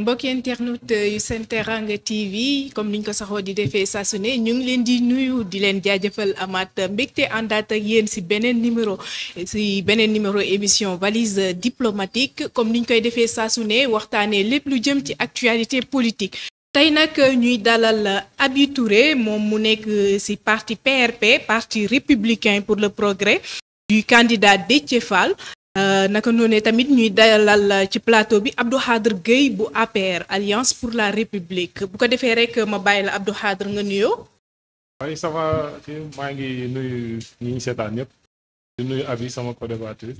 mbokki internaute yu seen teranga tv comme niñ ko saxoo di defee saa su ñu ngi leen di nuyu di leen jaajëfal amaat mbégte àndaat ak yéen ci beneen numéro ci beneen numéro émission valise diplomatique comme niñ koy defee saa su ne waxtaanee lépp lu jëm ci actualité politique tey nag ñuy dalal Aby moom mu nekk ci parti PRP parti républicain pour le progrès du candidat Déthié Euh, naka noonu tamit ñuy dalal euh, ci plateau bi Abdou Khadre Gueye bu APR Alliance pour la République bu ko defee rek ma bàyyi la Abdou Khadre nga nuyoo. waaye ça va maa ngi nuyu ñi ñu seetaan ñëpp di nuyu abi sama co-débatteur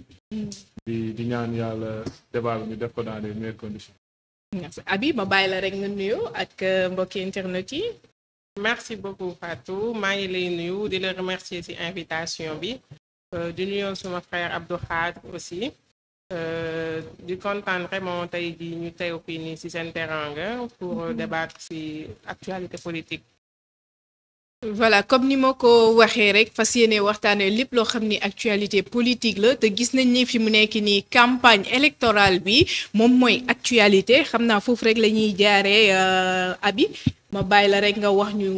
di di ñaan yàlla débat bi def ko dans les meilleures conditions. merci abi ma bàyyi la rek nga nuyoo ak euh, mbokki internet yi. merci beaucoup Fatou maa ngi lay nuyu di la remercier ci invitation bi. Euh, di nuyu suma frère Abdou Khad aussi euh, di kontaan vraiment tey jii ñu teew fii nii ci seen teranga pour euh, débattre ci actualité politique voilà comme ni ma ko waxee rek fas yéene waxtaanee lépp loo xam ni actualité politique la te gis nañ ni fi mu nekk nii campagne électorale bi moom mooy actualité xam naa foofu rek la ñuy jaaree euh, abi ma bàyyi la rek nga wax ñu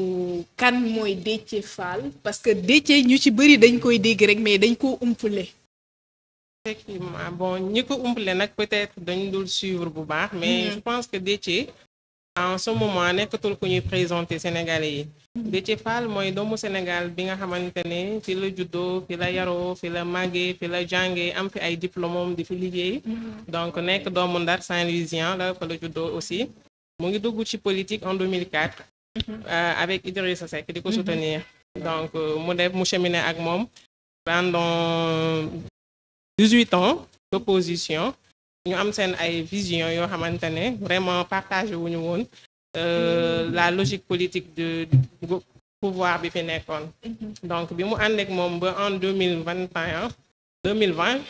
kan mooy Déthié Fall parce que Déthié ñu ci bëri dañ koy dégg rek mais dañ koo umpule. effectivement bon ñi ko umpule nag peut-être dañ dul suivre bu baax. mais mm-hmm. je pense que Déthié en ce moment nekkatul ku ñu présenter sénégalais yi Déthié mooy doomu Sénégal bi nga xamante ne fi la juddoo fi la yaro fi la màggee fi la jàngee am fi ay diplôme di fi liggéey donc nekk doomu Ndar Saint-Louisien la fa la juddoo aussi mu ngi dugg ci politique en 2004 euh, avec Idrissa Seck di ko mhm. soutenir donc euh, mu def mu cheminé ak moom pendant 18 ans d'opposition ñu am seen ay vision yoo xamante ne vraiment partagé wu ñu woon euh, la logique politique de pouvoir bi fi nekkoon mm-hmm. donc bi mu ànd moom ba en deux mille vingt et un deux mille vingt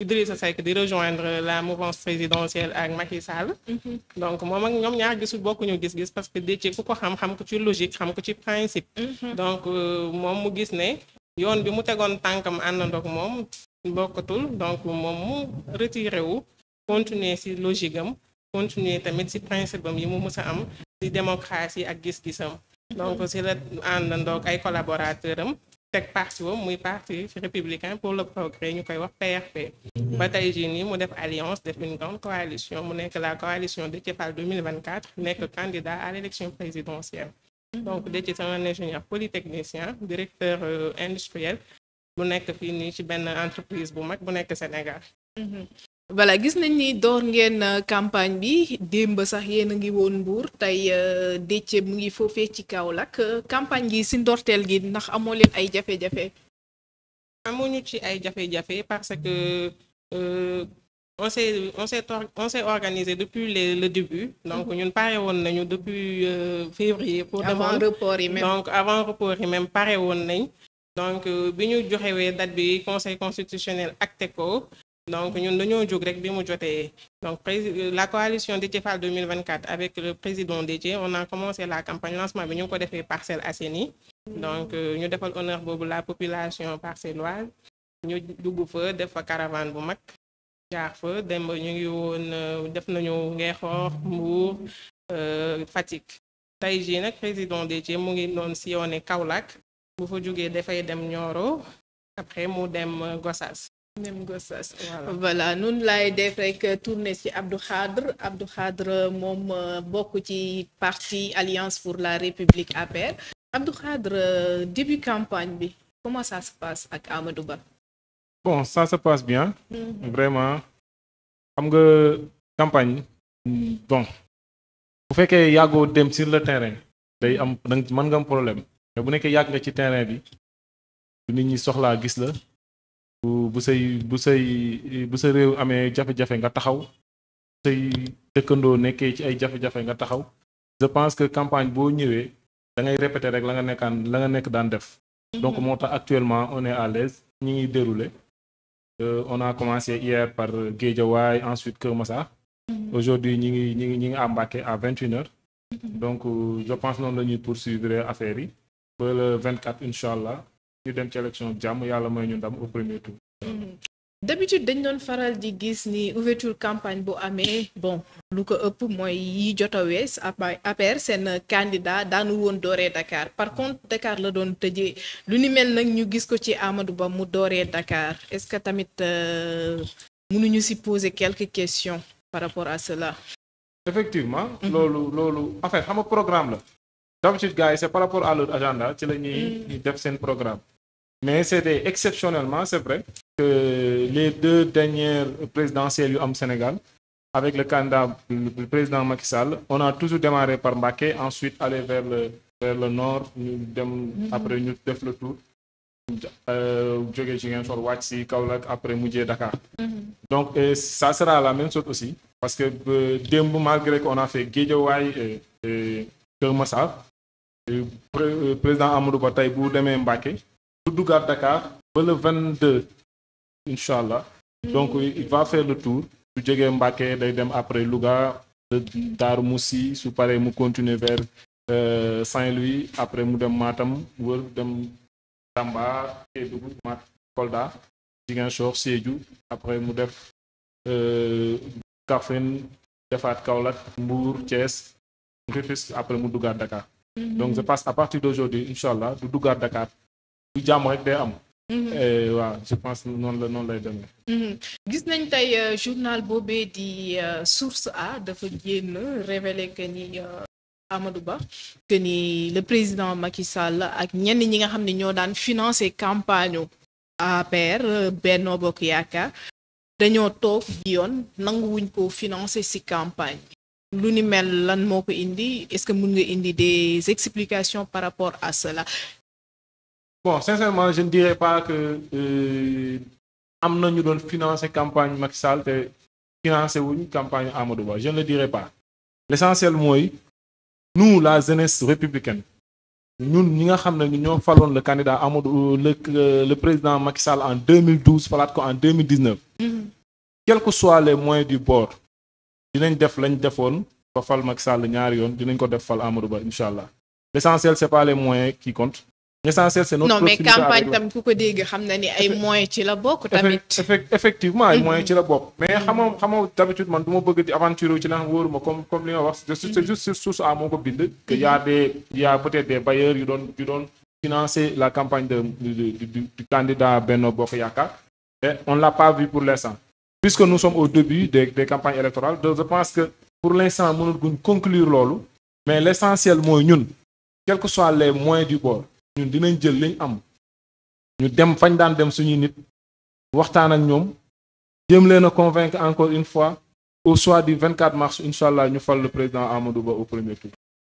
Idrissa Seck di rejoindre la mouvance présidentielle ak Macky Sall mm-hmm. donc moom ak ñoom ñaar gisul bokkuñu gis-gis parce que Déthié ku ko xam xam ko ci logique xam ko ci principe mm-hmm. donc euh, moom mu gis ne yoon bi mu tegoon tànkam àndandoog moom bokkatul donc moom mu retiré wu continuer ci logique am continuer tamit ci principe am yi mu mës a am ci démocratie ak gis-gisam donc si la àndandoog ay collaborateur am teg parti wam muy parti républicain pour le progrès ñu koy wax PRP ba tey jii nii mu def alliance def une grande coalition mu nekk la coalition Déthié vingt 2024 nekk candidat à l'élection présidentielle donc Déthié c'est un ingénieur polytechnicien directeur euh, industriel bu nekk fii nii ci benn entreprise bu mag bu nekk Sénégal mm-hmm. voilà gis nañ ni door ngeen euh, campagne bi démb sax yéen a ngi woon Mbour tey euh, Déthié mu ngi foofee ci Kaolack euh, campagne gi si ndorteel gi ndax amoo leen ay jafe-jafe. amuñu ci ay jafe-jafe parce que euh, on s'est on s'est on s'est organisé depuis les, le début. donc mhm. ñun pare woon nañu depuis euh, février. pour avant report yi même donc avant report yi même pare woon nañ. donc bi ñu joxewee date bi conseil constitutionnel acté ko donc ñun dañoo jóg rek bi mu jotee donc euh, la coalition Déthié Fall 2024 avec le président Déthié on a commencé la campagne lancement bi ñu ngi ko defee Parcelles Assainies donc euh, ñu defal honneur boobu la population parcelloise ñu dugg fa def fa caravane bu mag jaar fa demb ñu ngi woon euh, def nañu Ngeexoox Mbour Fatick tey jii nag président Déthié mu ngi doon sillonné Kaolack bu fa jógee dafay dem Nioro après mu dem Gossas nem Gossas voilà nun laay def rek tourner ci Abdou Khadre Abdou moom euh, bokk ci parti Alliance pour la République APR Abdou Khadre euh, début campagne bi comment ça se passe ak Amadou Ba bon ça se passe bien mm-hmm. vraiment xam nga campagne mm-hmm. bon bu fekkee yàggoo dem sir le terrain day am danga mën nga am problème mais bu nekkee yàgg nga ci terrain bi du nit ñi soxlaa gis la bu bu say bu say bu sa réew amee jafejafe nga taxaw say dëkkandoo nekkee ci ay jafe nga taxaw je pense que campagne boo ñëwee da ngay répéter rek la nga nekkaan la nga nekk daan def mhm. donc moo tax actuellement on est à l'aise ñi ngi dérouler euh, on a commencé hier par Guédiawaye ensuite Keur Massar mhm. aujourd'hui ñi ngi ñi ngi ñi ngi à Mbacké à vingt mhm. donc euh, je pense noonu la ñuy poursuivre affaire yi ba le vingt quatre incha allah ñu dem ci élection jàmm yàlla may ñu ndam au premier tour. Hmm. d'habitude dañ doon faral di gis ni ouverture campagne bu amee bon lu ko ëpp mooy yi jot a wees sen seen candidat daanu woon dooree Dakar par contre Dakar la doon tëjee lu ni mel nag ñu gis ko ci Amadou Ba mu dooree Dakar est-ce que tamit euh, mënuñu si poser quelques question par rapport à cela. effectivement. Hmm. loolu loolu en fait xam programme la. d'habitude gars yi c'est par rapport à leur agenda ci la ñuy mm. def seen programme mais c'était exceptionnellement c'est vrai que les deux dernières présidentielles yu am Sénégal avec le candidat le président Macky Sall on a toujours démarré par Mbacké ensuite aller vers le le nord ñu dem mm-hmm. après ñu def le tour euh, jógee Ziguinchor wàcc si Kaolack après mujjee Dakar mm-hmm. donc ça sera la même chose aussi parce que euh, démb malgré qu'on a fait Guédiawaye Kër Massar président Amadou Ba tey bu demee Mbàkke du duggaat Dakar ba vingt deux incha allah donc hmm. il va faire le tour su jegee Mbàkke day dem après Louga Daaru Moussi su paree mu continuer vers euh, Saint-Louis après mu dem maatam wër dem Tamba Kédougou Mat Kolda Ziguinchor Sédhiou après mu def euh, Kaffrine defaat Kaolack Mbour Thiès Rufisque après mu duggaat Dakar Mhm. donc je pense à partir d'aujourd'hui incha allah du duggaat Dakar du jàmm rek day am. Mhm. waaw je pense noonu la noonu lay demee. Mhm. gis nañ tey euh, journal boobee di euh, Source A dafa génn révélé que ni euh, Amadou Ba que ni le président Macky Sall ak ñenn ñi nga xam ne ñoo daan financer campagne APR Benno Bokk Yaakaar dañoo toog yoon nanguwuñ ko financer ci campagne lu ni mel lan moo ko indi est-ce que mën nga indi des explications par rapport à cela. bon sincèrement je ne dirais pas que euh, am na ñu doon financer campagne Macky Sall te financer wuñ campagne Amadou Ba je ne le dirais pas. l'essentiel mooy nous la jeunesse républicaine ñun ñi nga xam ne ñoo faloon le candidat Amadou euh, le euh, le président Macky Sall en 2012 falaat ko en 2019. Mm-hmm. quels que soient les moyens du bord. dinañ def lañ defoon ba fal Macky Sall ñaari yoon dinañ ko def fal Amadou Ba incha allah l' essentiel c' est pas les moyens qui comptent. l' essentiel c' campagne tam ku ko dégg xam na ni ay moyens ci la bokk. tamit effectivement ay mm-hmm. moyens ci la bokk. mais xamoo xamoo d' habitude man du ma bëgg di aventure ci la xam wóoruma comme comme li ma wax c'est mm-hmm. juste source ko bind. que y' a mm-hmm. des peut être des bailleurs yu doon yu doon financer la campagne de du du du candidat Benno Bokk Yaakaar. on l'a pas vu pour l' puisque nous sommes au début des des campagnes électorales donc je pense que pour l'instant mënul guñ conclure loolu mais l'essentiel mooy ñun quel que soit les moyens du bord ñun dinañ jël liñ am ñu dem fañ daan dem suñuy nit waxtaan ak ñoom jéem leen a convaincre encore une fois au soir du mars incha allah ñu fal le président Amadou Ba au premier tour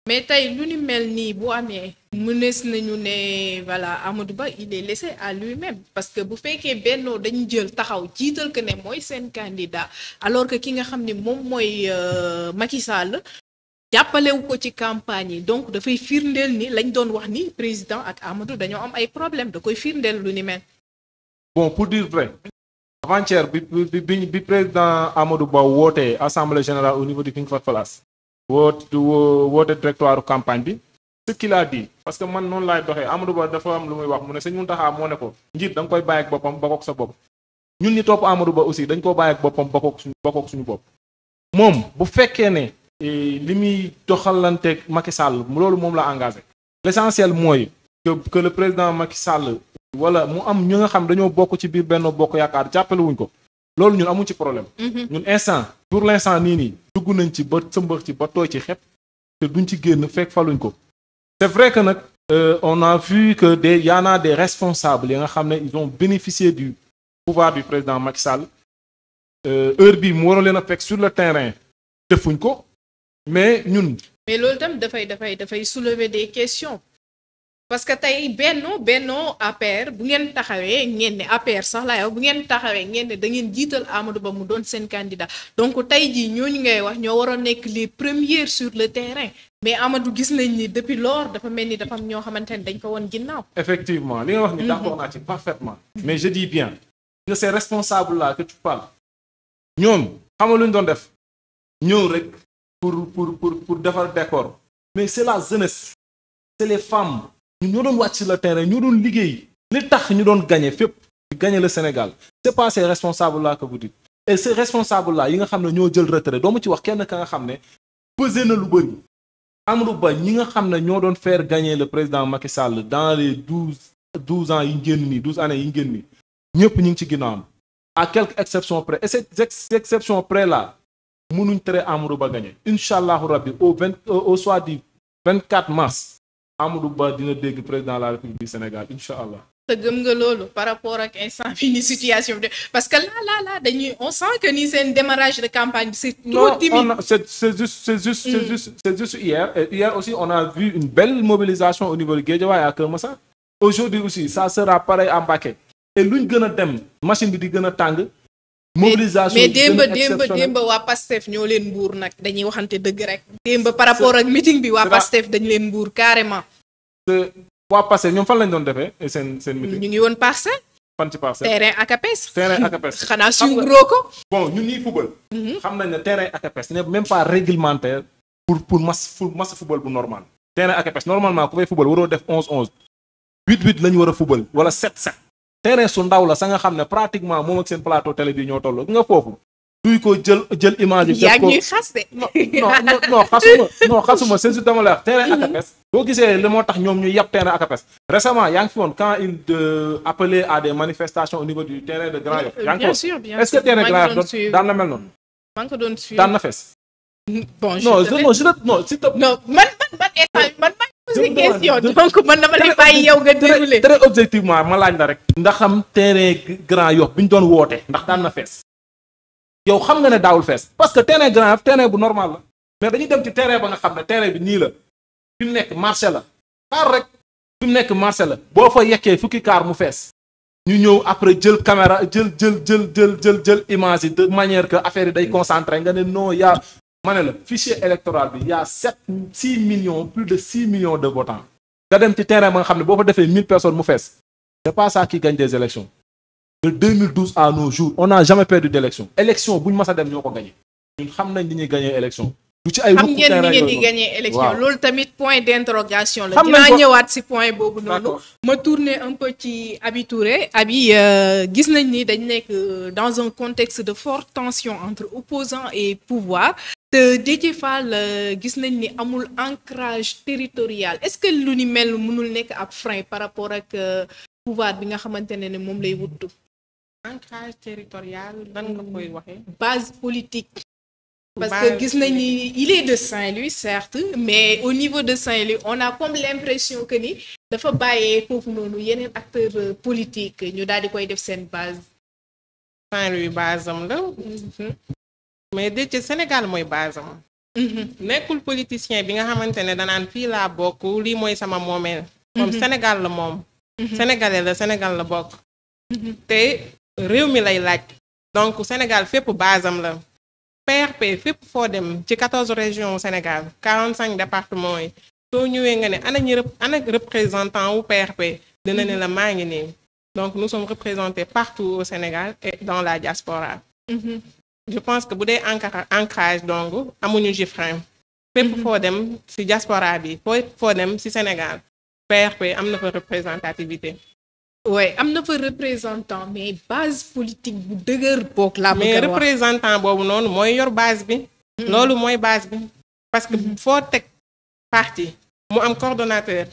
mais tey lu ni mel nii bu amee mënees nañu ne voilà Amadou Ba il est laissé à lui-même parce que bu fekkee bennoo dañu jël taxaw jiital que ne mooy seen candidat alors que ki nga xam ne moom mooy euh, Macky Sall jàppalewu ko ci campagne yi donc dafay firndeel ni lañ doon wax ni président ak Amadou dañoo am ay problème da koy firndeel lu ni mel. bi bi bi président Amadou Ba wootee assemblée générale au niveau du King woo woote woote directoire campagne bi ce qu'il a dit parce que man noonu laay doxee Amadou Ba dafa am lu muy wax mu ne sëñ Mountakha moo ne ko njiit danga koy bàyyi ak boppam bokk sa bopp ñun ñi topp Amadou Ba aussi dañ ko bàyyi ak boppam bokk suñu bokk suñu bopp moom bu fekkee ne eh, li muy doxalanteeg Macky Sall loolu moom la engagé l'essentiel mooy kë que président Macky sàll wala mu am ñu nga xam dañoo bokk ci biir benn Bokk Yaakaar jàppale wuñ ko loolu ñun amuñ ci problème. Mhm. ñun instant pour l' instant nii nii. nañ ci ba sëmbax ci ba tooy ci xepp te duñ ci génn fekk faluñ ko. c' est vrai que nag. Euh, on a vu que des y en a des responsables yi nga xam ne ils ont bénéficié du pouvoir du président Macky Sall. Euh, heure bii mu waroon leen a fekk sur le terrain defuñ ko mais ñun. mais loolu tam dafay dafay dafay soulever des questions. parce que tey benno benno APR bu ngeen taxawee ngeen ne APR sax laa bu ngeen taxawee ngeen ne da ngeen jiital Amadou Ba mu doon seen candidat donc tey jii ñooñu ngay wax ñoo waroon nekk les premiers sur le terrain mais Amadou gis nañ ni depuis lors dafa mel ni dafa am ñoo xamante ne dañ ko woon ginnaaw. effectivement li nga wax ni mm-hmm. d'accord naa ci parfaitement. mais je dis bien. que ces responsables que tu parles. ñoom xam lu ñu doon def. ñëw rek pour pour pour pour defar ñoo doon wàcc le terrain ñoo doon liggéey li tax ñu doon gañe fépp ñu gagné le Sénégal c'est pas ces responsables là que vous dites et yi nga xam ne ñoo jël retrait doo ma ci wax kenn ka nga xam ne pesé na lu bëri Amadou Ba ñi nga xam ne ñoo doon faire gagner le président Macky Sall dans les douze ans yi ngénn nii douze années yi ngén nii ñëpp ñu ngi ci ginnaawam à quelques exceptions près et ces exceptions près là mënuñ tere Amadou Ba gagné incha allahu rabbi au vingt euh, au soir vingt quatre mars Amadou Ba dina dégg président de la République du Sénégal incha allah. te gëm nga loolu par rapport ak instant bi ni situation parce que là là là dañuy on sent que ni seen démarrage de campagne c'est tout timide. non c'est c'est juste mm. aussi on a vu une belle mobilisation au niveau de a à Keur Massar. aujourd'hui aussi ça sera pareil à Mbacké. et luñ gën a dem machine bi di gën a tàng. mobilisation mais démb démb démb waa PASTEF ñoo leen mbuur nag dañuy waxante dëgg rek. démb par rapport ak meeting bi waa PASTEF dañu leen mbuur carrément. waa PASTEF ñoom fan lañ doon defee seen seen meeting. ñu ngi woon parcelle. fan ci parcelle terrain ACAPES. terrain ACAPES xanaa suivre ko. bon ñun football. Mhm. xam nañ ne terrain ACAPES n'est même pas réglementaire. pour pour masse pour masse football bu normal. terrain ACAPES normalement ku fay football waroo def onze onze. huit la ñu war a wala sept sept. terrain su ndaw la sa nga xam ne pratiquement moom ak seen plateau télé bi ñoo toll nga foofu. duy ko jël jël image yaa ñuy xas de. non non xasuma non xasuma c'est dama la wax terrain mhm. ACAPES. boo gisee li moo tax ñoom ñu yàpp terrain ACAPES. récemment yaa ngi quand il euh, appelait à des manifestations au niveau du terrain de Grand Yoff. Euh, yaa ngi ko est-ce Grand Yoff daan na mel noonu. daan na fees. si question donc man dama lay bàyyi nga déroulé. très objectivement ma laaj la rek. ndax xam terrain Grand Yoff bi ñu doon woote ndax daan na fees. yow xam nga ne daawul fees parce que tere Grand Yoff terrain bu normal la. mais dañuy dem ci terrain ba nga xam ne terrain bi nii la. fi mu nekk marché la. xaar rek fi mu nekk marché la. boo fa yekkee fukki kaar mu fees. ñu ñëw après jël caméra jël jël jël jël jël jël image de manière que affaire yi day concentré nga ne non yaa ma fichier électoral bi y' a sept six millions plus de six millions de votants nga dem ci terrain ba nga xam ne boo fa defee mille personnes mu fees c'est pas ça qui gagne des élections de 2012 à nos jours on n'a jamais perdu d' élection élection bu a dem ñoo ko gagné ñun xam nañ ni ñuy gagné élection du ci ay xam ngeen ni ngeen di gagné élection loolu tamit point d'interrogation la dinaa ñëwaat si point boobu noonu ma tourner un peu ci Abi Touré Abi euh, gis nañ ni dañ nekk euh, dans un contexte de forte tension entre opposants et pouvoir euh, te fa Fall gis nañ ni amul encrage territorial est-ce que lu ni mel mënul nekk ab frein par rapport ak pouvoir bi nga xamante ne ne moom lay wuttu ancrage territorial nan nga koy waxee base politique Parce bah, que Gisnani, il est de Saint-Louis, certes, mais au niveau de Saint-Louis, on a comme l'impression que ni, il faut bailler pour nous, il y a un acteur euh, politique, nous avons des scène base. saint mhm. Mais dès que Sénégal, moi, base. Mhm. nekkul politicien bi nga xamante ne danaan fii laa bokk lii mooy sama moomeel. moom mhm. Sénégal la moom. Sénégalais la Sénégal la bokk. te réew mi lay laaj. donc Sénégal fépp base la. PRP fépp foo dem ci région u Sénégal quarante cinq départements yi soo ñëwee nga ne ana ñu rep ana représentant wu PRP dina ne la mhm. maa ngi nii donc nous sommes représentés partout au Sénégal et dans la diaspora mhm. je pense que bu dee ancra ancrage donc amuñu GIFREM fépp mhm. foo dem ci diaspora bi foo foo dem ci Sénégal PRP am na fa représentativité oui am na fa représentant mais base politique bu dëgër boog laa bëgg a wax mais représentant boobu noonu mooy yor base bi. Hmm. loolu mooy base bi. parce que hmm. foo teg parti mu am coordonnateur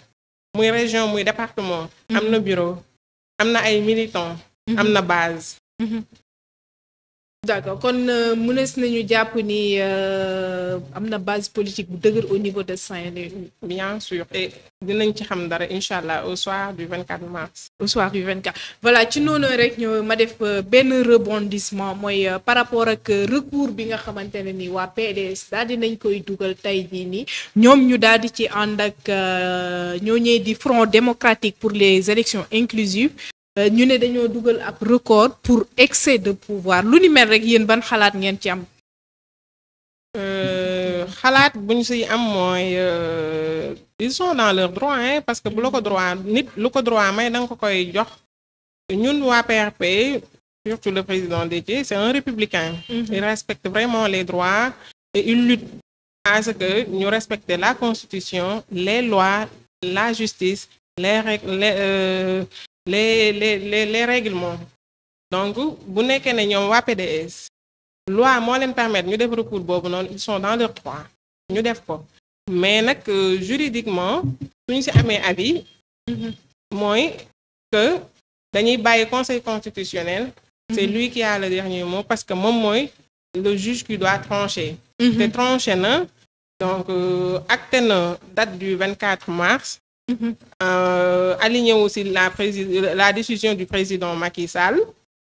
muy région muy département. am na hmm. bureau am na ay militants. am na base. d'accord kon euh, mënees nañu jàpp ni euh, am na base politique bu dëgër au niveau de Saint-Louis. bien sûr dinañ ci xam dara incha allah au soir du 24 mars. au soir du 24 voilà ci noonu rek ñoo ma def euh, benn rebondissement mooy par rapport ak recours bi nga xamante ne ni waa PDS daal di nañ koy dugal tey jii nii ñoom ñu daal di ci ànd ak ñoo ñëwee di Front démocratique pour les élections inclusives Euh, ñu ne dañoo dugal ab record pour excès de pouvoir lu ni mel rek yéen ban xalaat ngeen ci am. Euh, xalaat buñ si am mooy euh, ils sont dans leur droit parce que bu la ko droit nit lu ko droit may da nga ko koy jox ñun waa PRP surtout le président Déthié c'est un républicain. Mhm. il respecte vraiment les droits et il lutte à que ñu respecter la constitution les lois la justice les règles les les les les règlements donc bu nekkee ne ñoom waa PDS loi moo leen permettre ñu def recours boobu noonu ils sont dans leur droit ñu def ko mais nag euh, juridiquement suñu ci amee avis mm-hmm. mooy que dañuy bàyyi conseil constitutionnel c'est mm-hmm. lui qui a le dernier mot parce que moom mooy le juge qui doit trancher mm-hmm. te tranché na donc euh, acte na date du 24 mars Euh, aligné wu si la prési la décision du président Macky Sall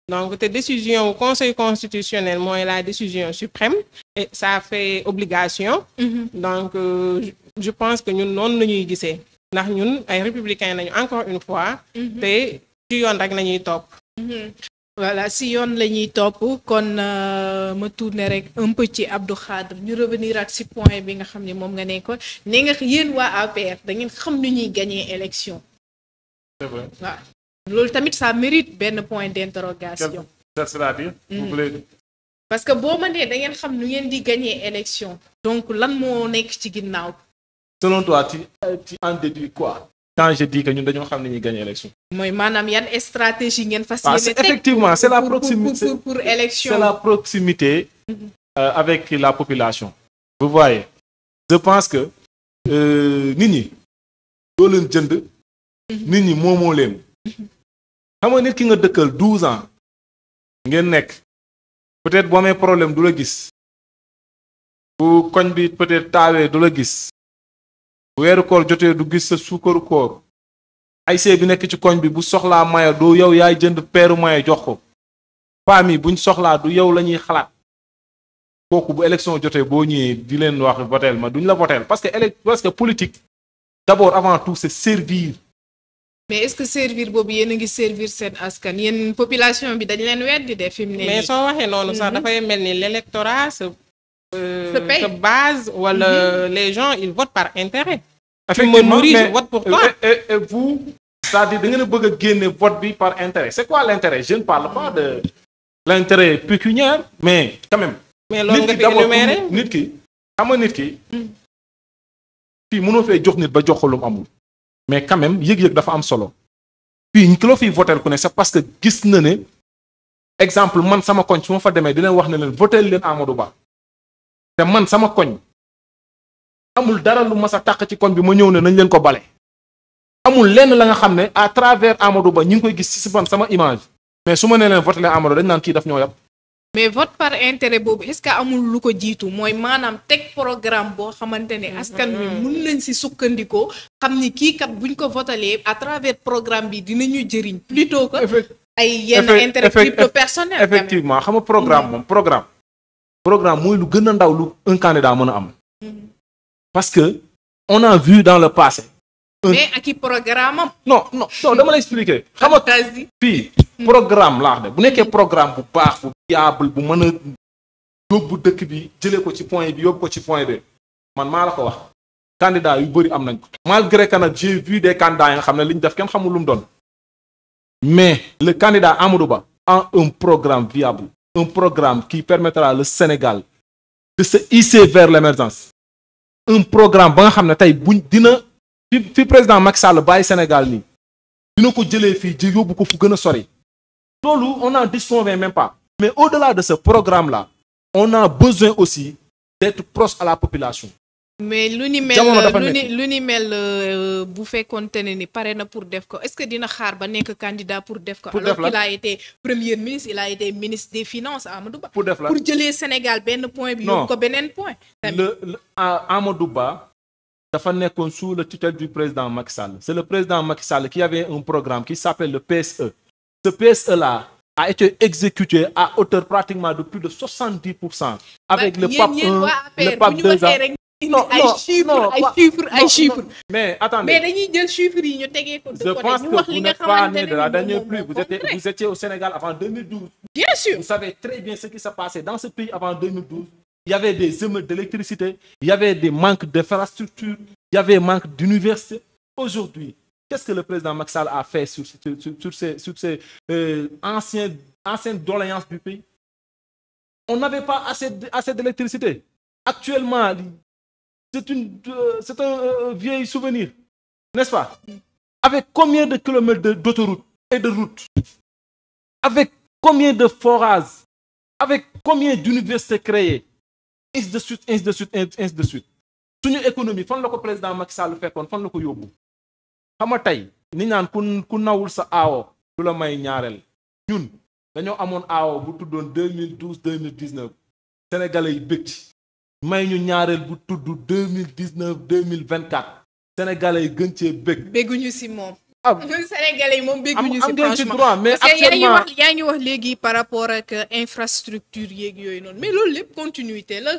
donc te décision conseil constitutionnel mooy la décision suprême et ça fait obligation mm-hmm. donc euh, je pense que ñun noonu la ñuy gisee ndax ñun ay républicains lañu encore une fois mm-hmm. te ci yoon rek la ñuy topp mm-hmm. voilà si yoon la ñuy topp kon euh, ma tourner rek un ci Abdou Khadre ñu revenir ak si point bi nga xam ne moom nga nekkoon ne nga yéen waa APR da ngeen xam nu ñuy gagner élection. c'est vrai loolu tamit ça mérite benn point d'interrogation. c'est-à-dire. Mm. parce que boo ma nee da ngeen xam nu ngeen di gagner élection. donc lan moo nekk ci ginnaaw. selon toi tu quoi. quand je dis que ñun dañoo xam ne ñu gagné élection. mooy maanaam yan stratégie ngeen fas yéene effectivement c'est la proximité pour pour élection c'est la proximité. Mm-hmm. Euh, avec la population. vous voyez je pense que euh, nit ñi doo jënd. Mm-hmm. nit ñi moomoo leen. Mm-hmm. xam nga nit ki nga dëkkal douze ans. ngeen nekk peut-être boo amee problème du la gis. bu koñ bi peut-être taawee du la gis. weeru koor jotee du gis sa suukaru koor ay see bi nekk ci koñ bi bu soxlaa mayo du yow yaay jënd peeru mayo jox ko femme yi buñ soxlaa du yow la ñuy xalaat kooku bu élection jotee boo ñëwee di leen wax voteel ma duñ la voteel parce que élec parce que politique d'abord avant tout c'est servir mais est-ce que servir boobu yéen a ngi servir seen askan yéen population bi dañ leen weddi de fi mu ne mais soo waxee noonu sax mhm. dafay mel ni l'électorat se euh, paye base wala mhm. les gens ils votent par intérêt. effectivement tu me nourris je vote pour toi. et, et cest dire da ngeen a bëgg a génne vote bi par intérêt c'est quoi l'intérêt je ne parle pas de l'intérêt pécuniaire mais quand mais loolu nga fi énuméré nit ki xam nit ki. Mm. fii mënoo fee jox nit ba jox ko amul. mais quand même yëg-yëg dafa am solo. fii ñu ki la fiy votel ku ne c'est parce que gis na ne exemple man sama koñ su ma fa demee dina wax na leen votel leen Amadou Ba. te man sama koñ amul dara lu mas a tàq ci koñ bi ma ñëw ne nañ leen ko bale amul lenn la nga xam ne à travers Amadou Ba ñu ngi koy gis ci man sama image mais su ma nee leen voté leen Amadou dañ naan kii daf ñoo yàpp mais vote par intérêt boobu est-ce que amul lu ko jiitu mooy maanaam teg programme boo xamante ne askan wi mm-hmm. mun nañ si sukkandikoo xam ni kii kat buñ ko votalee à travers programme bi dinañu jëriñ plutôt ko ay yenn intérêt crypto personnel effectivement programme mm-hmm. moom programme programme mooy lu gën a ndaw lu un candidat mën a am. Mm-hmm. parce que on a vu dans le passé. Un... mais ak i programme am. non non non dama lay expliquer. xam nga fii mm-hmm. programme laax de bu nekkee programme bu baax bu viable bu mën a yóbbu dëkk bi jëlee ko ci point bi yóbbu ko ci point bi man maa la ko wax. candidat yu bëri am nañ ko. malgré que nag j'ai vu des candidats yi nga xam ne li ñu def kenn xamul lu mu doon. mais le candidat Amadou Ba un programme viable. un programme qui permettra le Sénégal de se hisser vers l'émergence un programme ba nga xam ne tey buñ dina fi président Macky Sall bàyyi Sénégal nii dina ko jëlee fii ji yóbbu ko fu gën a sori loolu on n'en disconvient même pas mais au-delà de ce programme la on a besoin aussi d'être proche à la population mais lu ni mel lu ni lu ni mel euh, bu fekkoonte ne ni pare na pour def ko est-ce que dina xaar ba nekk candidat pour def ko. alors qu'il a été premier ministre il a été ministre des finances Amadou pour def la pour jëlee Sénégal benn point bi. yóbbu ko beneen point. tamit le Amadou Ba. dafa nekkoon sous le tutelle du président Macky Sall c'est le président Macky Sall qui avait un programme qui s'appelle le PSE. ce PSE là. a été exécuté à hauteur pratiquement de plus de soixante-dix pour cent. avec le PAP 1 non ay chiffres ay chiffres mais attendez mais dañuy jël yi ñu tegee ko. je pense que vous n'êtes pas né de la dernière pluie vous étiez vous étiez au Sénégal avant 2012. bien sûr vous savez très bien ce qui s'est passé dans ce pays avant 2012. il y avait des émeutes d'électricité il y avait des manques d'infrastructures il y avait manque d'université aujourd'hui quest que le président Macky Sall a fait sur sur sur ces sur ces euh, anciens anciennes doléances du pays. on n'avait pas assez d'électricité actuellement c'est une euh, c'est un euh, euh, vieil souvenir n'est-ce pas avec combien de kilomètres d'autoroute et de route avec combien de forages avec combien d'universités créées ainsi de suite ainsi de suite ainsi de suite suñu économie fan la ko président Macky Sall fekkoon fan la ko yóbbu xam nga tey ni naan ku ku nawul sa aawo du la may ñaareel ñun dañoo amoon aawo bu tuddoon 2012 2019 sénégalais yi bëgg may ñu ñaareel bu tudd deux mille dix neuf deux mille vingt quatre sénégale yi gën cee bëgg. bëgguñu si moom. ah ñun sénégalais yi moom bëgguñu si franchement droit mais actuellement yaa ngi wax yaa ngi wax léegi par rapport ak euh, infrastructure yeeg yooyu noonu mais loolu lépp continuité la.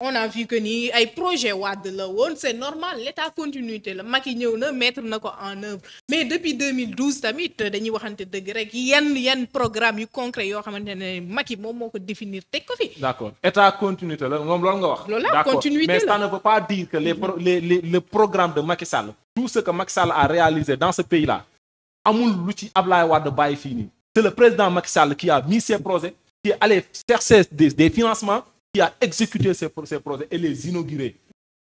on a vu que ni ay projet Wàdd la woon c' normal l' état continuité la Macky ñëw na mettre na ko en œuvre mais depuis 2012 tamit dañuy waxante dëgg rek yan yan programme yu concret yoo xamante ne Macky moom moo ko définir teg ko fi. d' accord état continuité la moom loolu nga wax. loolu la continuité la mais ça ne veut pas dire Sall. tout ce que Macky Sall a réalisé dans ce pays là amul lu ci Ablaye Wàdd bàyyi fii nii. c' est le président Macky Sall qui a mis ses projets qui a exécuté ces et les inauguré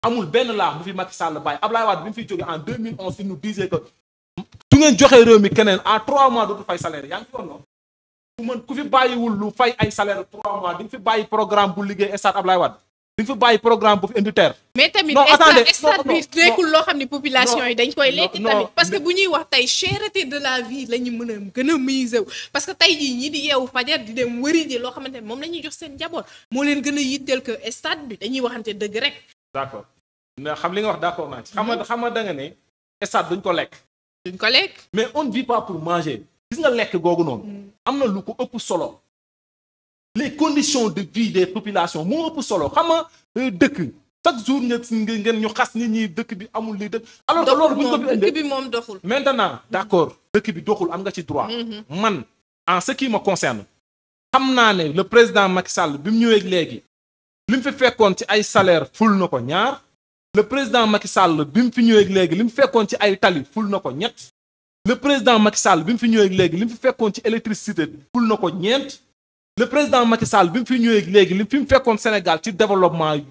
amul benn laax bu fi Macky Sall bàyyi Ablaye Wade bi mu fiy jógee en 2011 il nous disait que su ngeen joxee réew mi keneen en trois mois dootu fay salaire yaa ngi fi woon noonu ku mën ku fi bàyyiwul lu fay ay salaire trois mois di fi bàyyi programme bu liggéey stade Ablaye waat di nga fi bàyyi programme bu fi indi terre. mais tamit état bi nekkul loo xam ne population yi dañ koy lekk tamit parce que bu ñuy wax tey cherté de la vie la mën a gën a miser wu parce que tey jii ñii di yeewu fajar di dem wëri ji loo xamante moom lañuy ñuy jox seen njaboot moo leen gën a yitteel que stade bi dañuy waxante dëgg rek. d' accord mais xam li nga wax d' accord naa xam nga xam nga da nga ne stade duñ ko lekk. duñ ko lekk. mais on ne vit pas pour manger. gis nga lekk noonu. Mm. am na lu ko ëpp solo. les condition de vie des populations moo ëpp solo xam nga euh, dëkk chaque jour nga ngeen ñu xas nit ñi dëkk bi amul li dëkk. alors que loolu bu ñu ko bi moom doxul. maintenant mhm. d' accord dëkk bi doxul am nga ci droit. Mhm. man en ce qui ma concerne. xam naa ne le président Macky Sall bi mu ñëwee léegi. li mu fi fekkoon ci ay salaire ful na ko ñaar. le président Sall bi mu fi ñëwee léegi li mu fekkoon ci ay tali ful na ko ñett. le président Macky Sall bi mu fi ñëwee léegi li mu fekkoon ci électricité ful na ko ñeent. le président Macky bi mu fi ñëwee léegi li fi mu fekkoon Sénégal ci développement yi.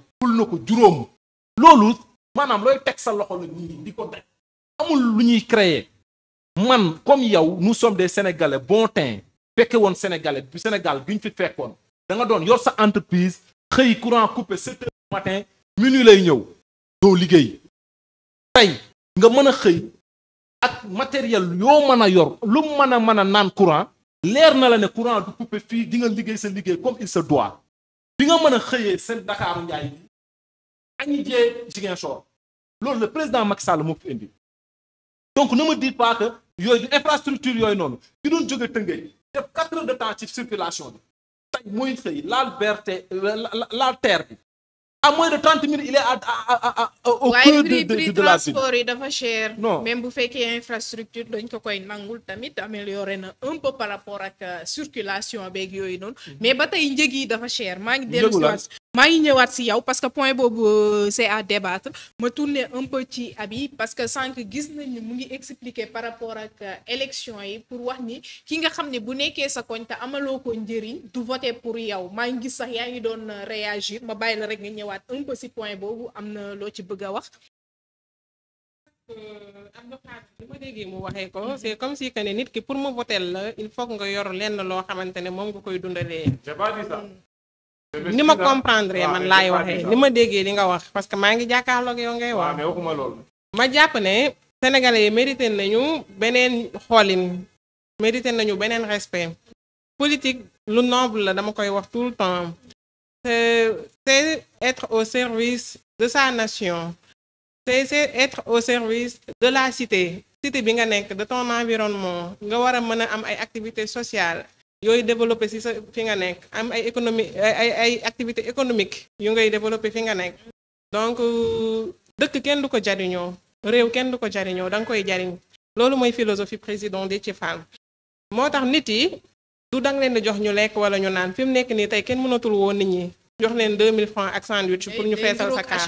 ko juróom. loolu maanaam looy teg sa loxo la ñuy di ko teg amul lu ñuy créer man comme yow nous sommes des sénégalais bon teint fekke woon sénégalais bi Sénégal bi ñu fi fekkoon. da nga doon yor sa entreprise xëy courant coupé sept heures du nu lay ñëw doo liggéey. tey nga mën a xëy ak matériel yoo mën a yor lu mën a mën a naan courant. leer na la ne courant du coupé fii di nga liggéey sa liggéey comme il se doit di nga mën a xëyee seen Dakar Ndiaye bi añi jee Ziguinchor loolu le président Macky Sall moo fi indi donc ne me dis pas yooyu infrastructure yooyu noonu ki doon jóge Tëngéej te quatre heures de temps ci circulation bi tey mooy xëy laal verte bi à moins de trente mille il transport yi dafa cher. non même bu fekkee infrastructure dañ ko koy nangul tamit amélioré na un peu par rapport ak euh, circulation beeg yooyu noonu. Mm-hmm. mais ba tey njëg yi dafa cher. maa ngi dellu si maa ngi ñëwaat si yow parce que point boobu euh, c'est à débattre ma tourner un peu ci abi parce que sànq gis nañu mu ngi expliquer par rapport ak euh, élection yi pour wax ni ki nga xam ne bu nekkee sa koñ te amaloo ko njëriñ du voter pour yow maa ngi gis sax yaa ngi doon euh, réagir ma bàyyi la rek nga ñëwaat un peu si point boobu am na loo ci bëgg a wax. avocat bi ma déggee mu waxee ko c'est comme si que ne nit ki pour ma votel la il faut nga yor lenn loo xamante ne moom nga koy dundalee. ni ma comprendre man laay waxee ni ma déggee li nga wax parce que maa ngi jàkkaarloog yow ngay wax ma jàpp ne sénégalais yi mérité nañu beneen xoolin mérité nañu beneen respect politique lu noble la dama koy wax tout le temps c'est être au service de sa nation c'est c'est être au service de la cité cité bi nga nekk de ton environnement nga war a mën a am ay activités sociales yooyu développé ci sa fi nga nekk am ay économie ay ay activité économique yu ngay développé fi nga nekk donc dëkk kenn du ko jariñoo réew kenn du ko jariñoo da nga koy jariñ loolu mooy philosophie président Déthié Fall moo tax nit yi du dang leen di jox ñu lekk wala ñu naan fi mu nekk nii tey kenn mënatul woon nit ñi jox leen 2000 francs ak sandwich pour ñu feesal sa kaar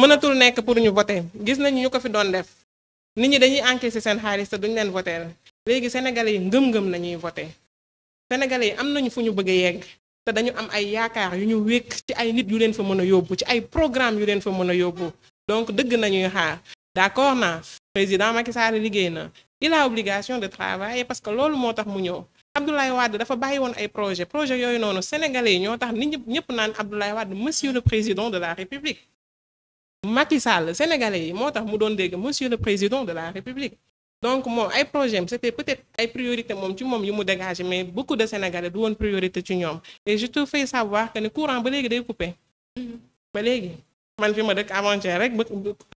mënatul nekk pour ñu voter gis nañu ñu ko fi doon def nit ñi dañuy encaisser seen xaalis te duñ leen voter léegi sénégalais yi ngëm-ngëm nañuy voter sénégale yi am nañu fu ñu bëgg a yegg te dañu am ay yaakaar yu ñu wékk ci ay nit yu leen fa mën a yóbbu ci ay programme yu leen fa mën a yóbbu donc dëgg nañuy xaar d'accord na président Macky Sall liggéey na il a obligation de travailler parce que loolu moo tax mu ñëw Abdoulaye Wade dafa bàyyi woon ay projet projet yooyu noonu sénégalais yi ñoo tax ni ñëpp ñëpp naan Abdoulaye Wade monsieur le président de la république Macky Sall yi moo tax mu doon dégg monsieur le président la république donc moom ay projet am c'était peut-être ay priorité moom ci moom yu mu dégagé mais beaucoup de Sénégalais du woon priorité ci ñoom et je te fais savoir que ne courant ba léegi day coupé mm-hmm. ba léegi man fi ma dëkk avant rek ba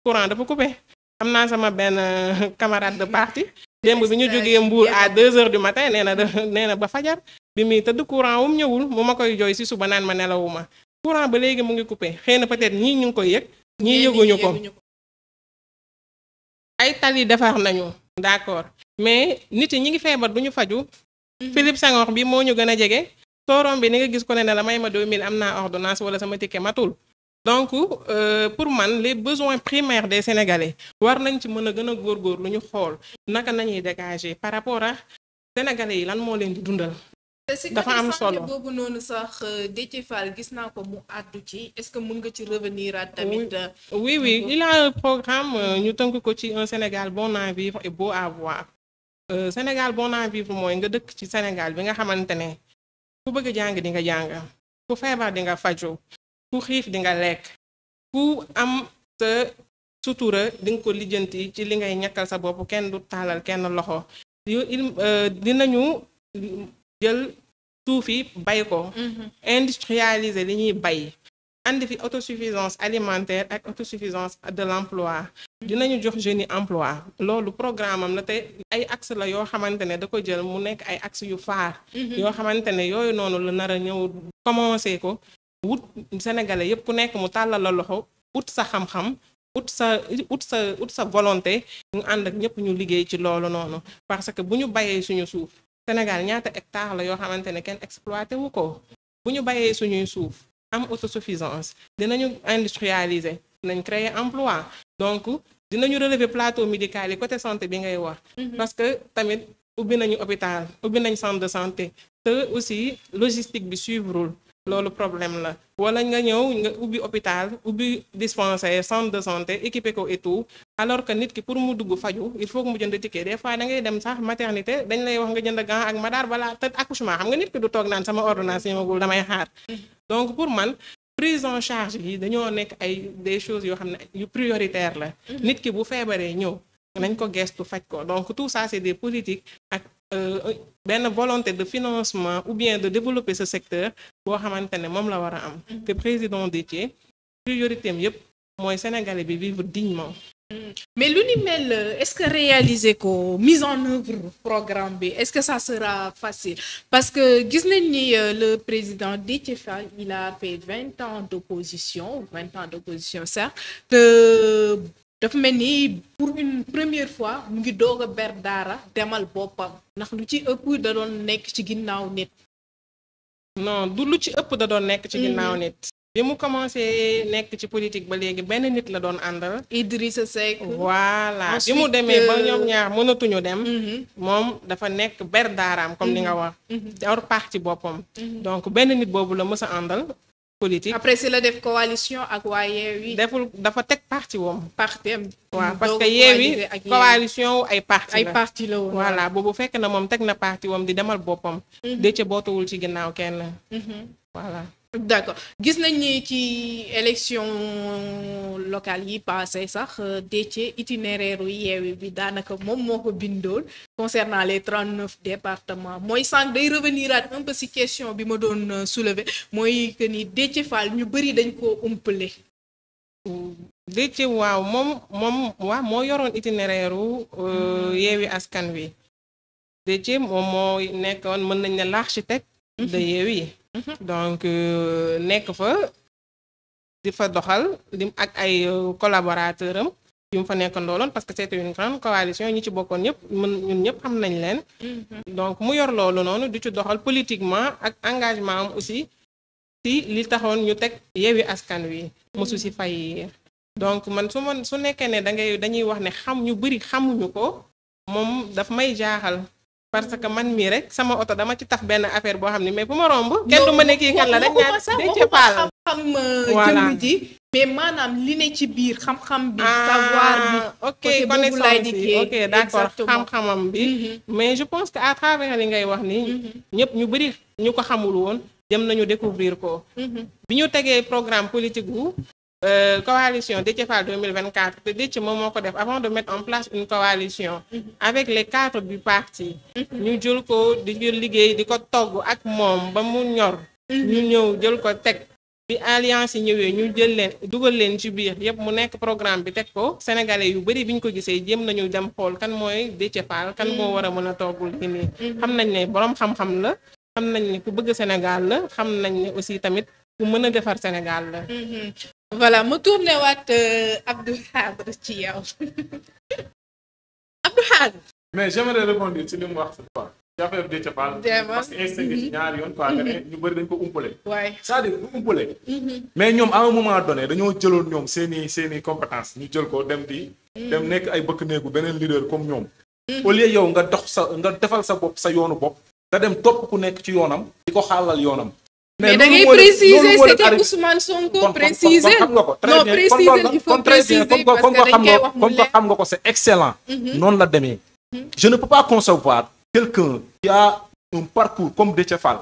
courant dafa coupé am naa sama benn euh, camarade de parti démb bi ñu jógee Mbour à deux heures du matin nee na nee na ba fajar bi muy tëdd courant wum ñëwul mu ma koy jooy si suba naan ma nelawuma courant ba léegi mu ngi coupé xëy na peut-être ñii ñu ngi koy yëg ñii yëguñu ko ay tali defar nañu d'accord mais nit yi ñi ngi feebar duñu ñu faju Philippe Senghor bi moo ñu gën a jege soorom bi ni nga gis ko ne ne la may ma 2000 am naa ordonnance wala sama ticket matul donc euh, pour man les besoins primaires des Sénégalais war nañ ci mën a gën a góor góor lu ñu xool naka nañuy dégager par rapport à Sénégalais yi lan moo leen di dundal dafa am solo te si boobu noonu sax euh, Déthié Fall gis naa ko mu àddu ci est-ce que mën nga ci revenir à tamit. Euh, oui oui il a programme euh, ñu tënk ko ci un Sénégal bon à vivre et beau Sénégal bon à mooy nga dëkk ci Sénégal bi nga xamante ne ku bëgg jàng dinga nga jàng ku feebar di nga fajoo ku xiif dinga lekk ku am sa sutura di ko lijjanti ci li ngay ñàkkal sa bopp kenn du tàllal kenn loxo dinañu. jël suuf bay ko mhm. industrialiser li ñuy bay andi fi autosuffisance alimentaire ak autosuffisance de l'emploi mhm. dinañu jox jeunes yi emploi loolu programme am la te ay axe la yoo xamante ne da ko jël mu nekk ay axe yu faar mhm. yoo xamante ne yooyu noonu la nar a ñëw commencé ko wut sénégalais yépp ku nekk mu tàllal la loxo wut sa xam-xam ut sa ut sa ut sa volonté ñu ànd ak ñëpp ñu liggéey ci loolu noonu parce que bu bayee suñu suuf Sénégal ñaata hectare la yoo xamante ne kenn exploité wu ko bu ñu bayee suñuy suuf am autosuffisance dinañu industrialiser nañ créer emploi donc dinañu relever plateau médical yi côté santé bi ngay wax mhm. parce que tamit ubbi nañu hôpital ubbi nañ centre de santé te aussi logistique bi suivrul loolu problème la wala nga ñëw nga ubbi hôpital ubbi dispensaire centre de santé équipé ko et tout alors que nit ki pour mu dugg faju il faut que mu jënd ticket des fois da ngay dem sax maternité dañ lay wax nga jënd gant ak madaar balaa te accouchement xam nga nit ki du toog naan sama ordonnance ñëwagul damay xaar donc pour man prise en charge yi dañoo nekk ay des choses yoo xam ne yu prioritaire la mhm. nit ki bu feebaree ñëw nañ ko gestu faj ko donc tout ça c'est des politiques ak Euh, euh, benn volonté de financement ou bien de développer ce secteur boo xamante ne moom la war a am mm-hmm. te président Déthié priorité am yëpp mooy sénégalais bi vivre dignement mm-hmm. mais lu est-ce que réaliser ko mise en œuvre programme bi est-ce que ça sera facile parce que gis nañ ni euh, le président Déthié Fall il a fait vingt ans d'opposition vingt ans d'opposition certes dafa mel ni pour une première fois mu ngi doog a ber daara demal boppam ndax lu ci ëpp da doon nekk ci ginnaaw nit. non du lu ci ëpp da nekk ci ginnaaw mm. nit. bi mu commencé nekk ci politique ba léegi benn nit la doon àndal. Idrissa Seck. voilà bi mu demee ba euh, ñoom ñaar mënatuñu dem. Mm-hmm. moom dafa nekk ber daaraam comme li nga mm-hmm. wax. Mm-hmm. or parti boppam. donc benn nit boobu la mës a àndal. politique. après si la def coalition ak waa Yewwi. deful dafa teg parti woom. partem waaw parce que Yewwi coalition ay parti ay parti la woon voilà boobu fekk na moom teg na parti woom di demal boppam. Mhm. dëcc bootuwul ci ginnaaw kenn. Mhm. voilà. d' accord gis nañ ni ci élection locale yi passé sax euh, Déthié itinéraire yeewi bi daanaka moom moo ko bindoon concernant les trent neuf départements mooy sànq day revenir aat si question bi ma doon euh, soulever mooy que ni Déthié ñu bëri dañ koo umpale Déthié waaw moom moom waaw moo yoroon itinéraire euh, hmm. yeewi askan wi Déthié moom moo nekkoon mën nañ ne l'architecte de hmm. yeewi Mm-hmm. donc euh, nekk fa di fa doxal lim ak ay euh, collaborateur am yu mu fa nekkoon looloon parce que c'était une grande coalition ñu ci bokkoon ñëpp mën ñun ñëpp xam nañ leen mm-hmm. donc mu yor loolu noonu di ci doxal politiquement ak engagement am aussi li taxoon ñu teg Yewwi Askan Wi mosu si mm-hmm. fay donc man su man su nekkee ne da ngay dañuy wax ne xam ñu bëri xamuñu ko moom daf may jaaxal parce que man mii rek sama oto dama ci tax benn affaire boo xam ne mais bu ma romb kenn du ma ne kii kan la rek ñaar dece paal xam ji mais maanaam ci biir xam-xam bi ah, savoir ok connaissance bi xam-xamam bi mm-hmm. mais je pense que à travers li ngay wax nii mm-hmm. ñëpp ñu bëri ñu ko xamul woon dem nañu découvrir ko mm-hmm. bi ñu tegee programme politique wu Euh, coalition Déthié Fall 2024 te Déthié moom moo ko def avant de mettre en place une coalition mm-hmm. avec les cadres du parti mm-hmm. ñu jël ko di jël liggéey di ko togg ak moom ba mu ñor mm-hmm. ñu ñëw jël ko teg bi alliance yi ñëwee ñu jël leen dugal leen ci biir yëpp mu nekk programme bi teg ko sénégalais yu bëri biñ ko gisee jéem nañu dem xool kan mooy Déthié Fall kan moo war a mën a toggul ci nii xam nañ ne boroom xam-xam la xam nañ ne ku bëgg Sénégal la xam nañ ne aussi tamit ku mën a defar Sénégal voilà ma tourné waat euh, Abdou ci yow Abdou Khadre. mais j'aimerais rebondir ci li mu wax quoi. ci affaire Déthié parce que instinct ñaari yoon quoi mm-hmm. bëri dañ ko umpale. waay cest à mais ñoom à un moment dañoo jëloon ñoom seeni seeni compétence ñu jël ko dem di. Mm-hmm. dem nekk ay bëkk néegu beneen leader comme ñoom. Mm-hmm. au lieu yow nga dox sa nga defal sa bopp sa yoonu bopp. nga dem topp ku nekk ci yoonam. di ko xaalal yoonam. mais da ngay préciser c'était Ousmane Sonko ko non préciser il faut préciser parce que dañ koy xam nga ko c'est excellent. Mhm. noonu la demee. Mhm. je ne peux pas concevoir quelqu'un qui a un parcours comme Déthié Fall.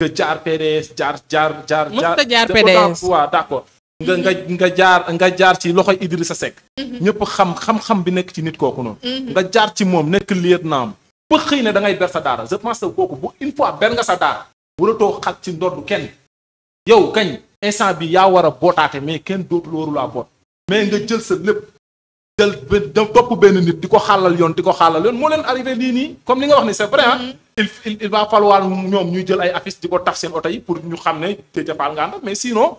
nga jaar PDS jaar jaar jaar. mosut jaar PDS waaw d'accord. Mhm. nga jaar nga jaar ci loxoy Idrissa Seck. ñëpp xam xam-xam bi nekk ci nit kooku noonu. nga jaar ci moom nekk lieutenant am. ba xëy na da ngay ber sa daara je pense que kooku bu une fois ber nga sa daara. waratoo xal ci ndodd kenn yow kañ instant bi yaa war a bootaate mais kenn dootul waru laa boot mais nga jël sa lépp jël da topp benn nit di ko xàllal yoon di ko xàllal yoon moo leen arrivé lii nii comme li nga wax ni c'est vrai ah mm-hmm. il il va falloir ñoom ñuy jël ay affiches di ko taf seen oto yi pour ñu xam ne Déthié Fall nga àndal mais sinon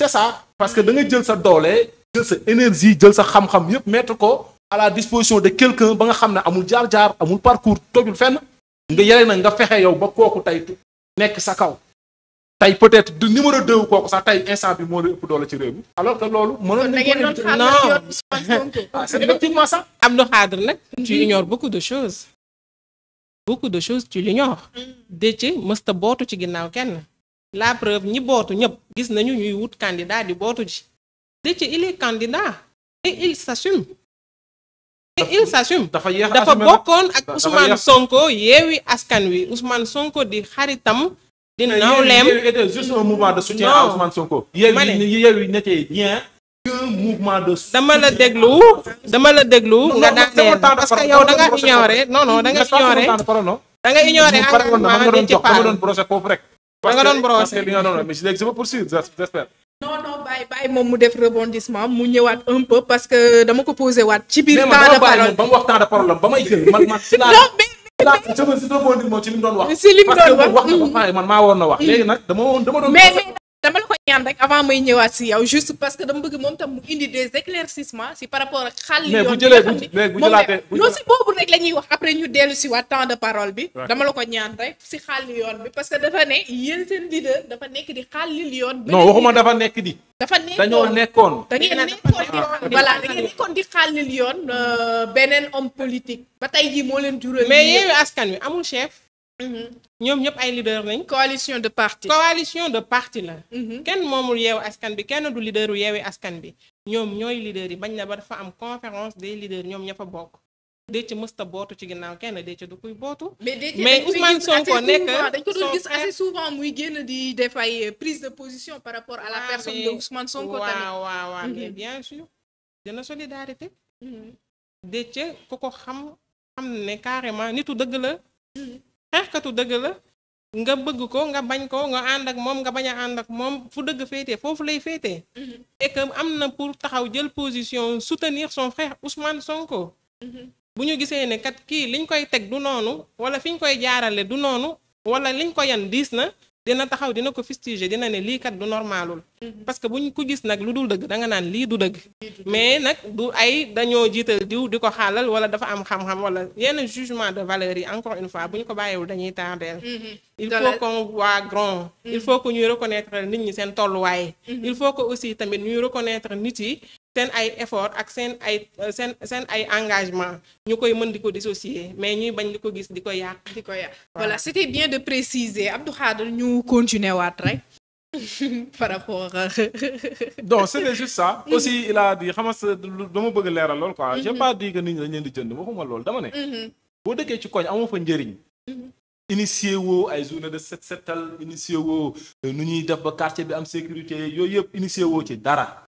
c'est ça parce que da nga jël sa doole jël sa énergie jël sa xam-xam yépp mettre ko à la disposition de quelqu'un ba nga xam ne amul jaar-jaar amul parcours tojul fenn nga yere na nga fexe yow ba kooku tey nekk sa kaw tey peut du numéro deux kooku sax tey instant bi moo la ëpp doole ci réew mi alors que loolu. mënoon nañu ko non ah, c'est effectivement ça. Abdou Khadre nag. Mm-hmm. tu ignores beaucoup de choses. beaucoup de choses tu l'ignores. Mm-hmm. Déthié mësta bootu ci ginnaaw kenn. la preuve ñi bootu ñëpp gis nañu ñuy wut candidat di bootu ji. Déthié il est candidat il s'assume te il s'assume dafa bokkoon ak Ousmane Sonko yeewi askan wi Ousmane Sonko di xaritam di nawleem juste un mouvement de soutien à Ousmane Sonko yeewi n'était rien qu'un mouvement de dama la déglu dama la déglu nga daaneel parce que yow da nga ignoré non non da nga ignoré da nga ignoré engagement ah, ci par da nga doon brosser foofu rek da nga doon brosser li nga doon mais léegi je peux poursuivre j'espère non non bàyyi bàyyi moom mu def rebondissement mu ñëwaat un peu parce que dama ko posé waat. ci biir temps de parole ba mu wax temps de parole ba may jël man man si laa. non mais mais si li mu doon wax. si li mu wax parce que hmm. man maa waroon wax. léegi nag dama woon dama doon. dama la ko ñaan rek avant may ñëwaat si yow juste parce que dama bëgg moom tam mu indi des éclaircissements si par rapport ak xàll yoon la ñuy wax après ñu dellu si waat temps de parole bi dama la ko ñaan rek si xàll yoon bi parce que dafa ne yéen seen leader dafa nekk di xàllil yoon non waxuma dafa nekk di dafa nekkoon dañoo nekkoon da ngeen nekkoon yoon euh, beneen homme politique ba tey jii moo leen jural mais yéen askan wi amul chef Mm-hmm. ñoom ñëpp ay leader nañ coalition de parti. coalition de parti la. Mm-hmm. kenn moomul yeewu askan bi kenn du leaderu yeewi askan bi ñoom ñooy leader yi bañ na ba dafa am conférence de leaders ñoom ña fa bokk. Déthié mësta bootu ci ginnaaw kenn Déthié du kuy bootu. mais Ousmane Sonko nekk dañ ko doon gis assez souvent muy génn di def ay euh, prise de position par rapport a la ah, personne de Ousmane Sonko tamit waaw waaw mm-hmm. solidarité. Déthié ku ko xam xam ne carrément nitu dëgg la. xeexkatu dëgg la nga bëgg ko nga bañ ko nga ànd ak moom nga bañ a ànd ak moom fu dëgg féetee foofu lay féete mm-hmm. et que am na pour taxaw jël position soutenir son frère Ousmane Sonko. Mm-hmm. bu ñu gisee ne kat kii liñ koy teg du noonu wala fi koy jaarale du noonu wala liñ ko yan diis na dina taxaw dina ko fustiger dina ne lii kat du normalul parce que buñ ko gis nag lu dul dëgg danga naan lii du dëgg mais nag du ay dañoo jiital diw di ko xaalal wala dafa am xam-xam wala yenn jugement de valeur yi encore une fois bu ko bàyyiwul dañuy tardeel mm-hmm. il faut qu'on voit grand il faut que ñuy reconnaître nit ñi seen tolluwaay mm-hmm. il faut que aussi tamit ñuy reconnaître nit yi seen ay effort ak seen ay euh, seen seen ay engagement ñu koy mën di ko dissocier mais ñuy bañ di ko gis di ko yàq. di ko yàq voilà c'était bien de préciser Abdou Khadre ñu continuer waat rek. par rapport à... Euh, donc c'était juste ça. Mhm. aussi il a dit xam nga dama bëgg leeral lool quoi. Mhm. j'ai pas dit que nit ñi dañ leen di jënd waxuma lool dama ne. Mhm. boo dëkkee ci koñ amoo fa njëriñ. initié woo ay journée de set setal initié woo euh, nu ñuy def ba quartier bi am sécurité yooyu yëpp initié woo ci dara.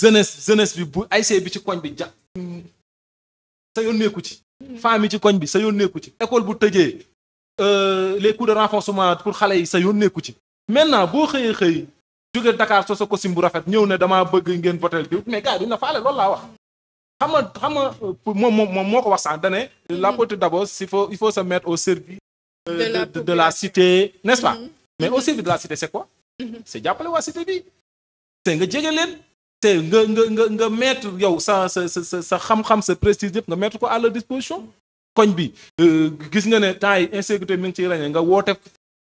jeunesse jeunesse bi bu ASC bi ci koñ bi ja sa yoon nekku ci femme yi ci koñ bi sa yoon nekku ci école bu tëjee euh, les cours de renforcement pour xale yi sa yoon nekku ci maintenant boo xëyee xëy jóge Dakar soo sa costume bu rafet ñëw ne damaa bëgg ngeen votel bi mais gars yi duñ la faale loolu laa wax xam nga pour nga euh, moom moom moo ko wax sànq dane mhm. la politique d'abord il faut il faut se mettre au service euh, de la cité nest pas mhm. mais au mhm. service de la cité c'est quoi c'est jàppale waa cité bi c'est nga jege te nga nga nga nga mettre yow sa sa sa sa xam-xam sa prestige yëpp nga mettre ko à leur disposition koñ bi euh, gis nga ne temps yi insécurité mi ngi ciy ràññee nga woote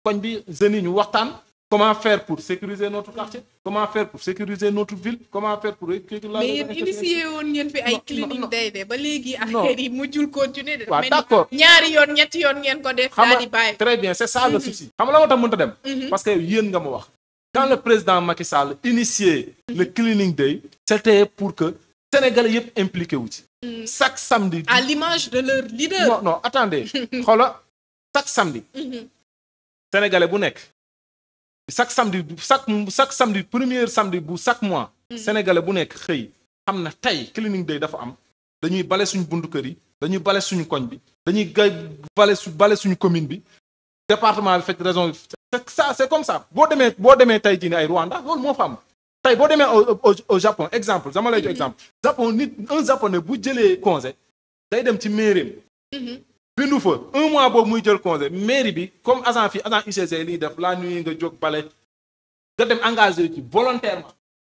koñ bi jeunes yi ñu waxtaan comment faire pour sécuriser notre quartier comment faire pour sécuriser notre ville comment faire pour. mais yéen initié woon ngeen fi ay clinique day de ba léegi affaire yi mujjul continuer de. waaw d'accord ñaari yoon ñetti yoon ngeen ko def. daal di bàyyi très bien c'est ça le mm-hmm. souci. xam la moo tax mënta dem. Mm-hmm. parce que yéen nga ma wax. quand le président Macky Sall initiait le cleaning day c'était pour que sénégalais yëpp impliqué wu ci. Mm. chaque samedi. à l'image de leur leader. non non attendez samedi. Mm-hmm. sénégalais bu nekk. chaque samedi chaque chaque samedi première samedi bu chaque mois. Mm-hmm. sénégalais bu nekk xëy xam na tey cleaning day dafa am dañuy bale suñu buntu kër yi dañuy bale suñu koñ bi dañuy gay bale su bale suñu commune bi département bi fekk région bi ça c' est comme ça boo demee boo demee tey jii ne ay Rwanda loolu moo fa am tey boo demee au au Japon exemple dama lay jox exemple Japon nit un japonais bu jëlee congé day dem ci mairie mm-hmm. bindu fa un mois boobu muy jël congé mairie bi comme agent fii agent UCG liy def la nuit nga jóg bale nga dem engagé ci volontairement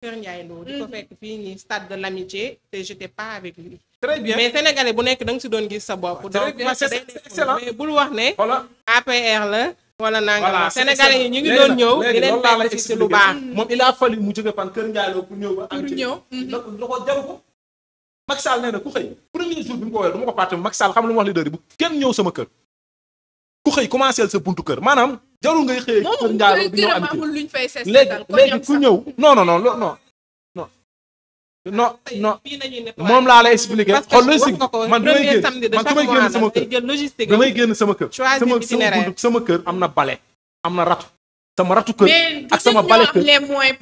Kër Ndiaye Lo di ko mhm. fekk fii ni stade de l'amitié te j'étais pas avec lui. mais sénégalais bu nekk da nga si doon gis sa bopp. donc parce que mais bul wax ne. APR la. wala naa nga sénégalais yi ñu ngi doon ñëw. di leen fekk si lu baax. moom il a fallu mu jóge fan Kër Ndiaye Lo pour ñëw ba. am ci ñëw donc mhm. na bi mu ko woowee du ma ko fàtte Macky Sall xam lu mu wax leader yi bu kenn ñëw sama kër. ku xëy commencé sa buntu kër maanaam jarul ngay xëyee kër Ndiaro di ñëw habitude léegi ku ñëw non non non non non non non moom laa lay expliquer xool logistique man damay génn man damay génn sama kër damay génn sama kër sama sama sama kër am na bale am na ratu sama ratu kër ak sama bale kër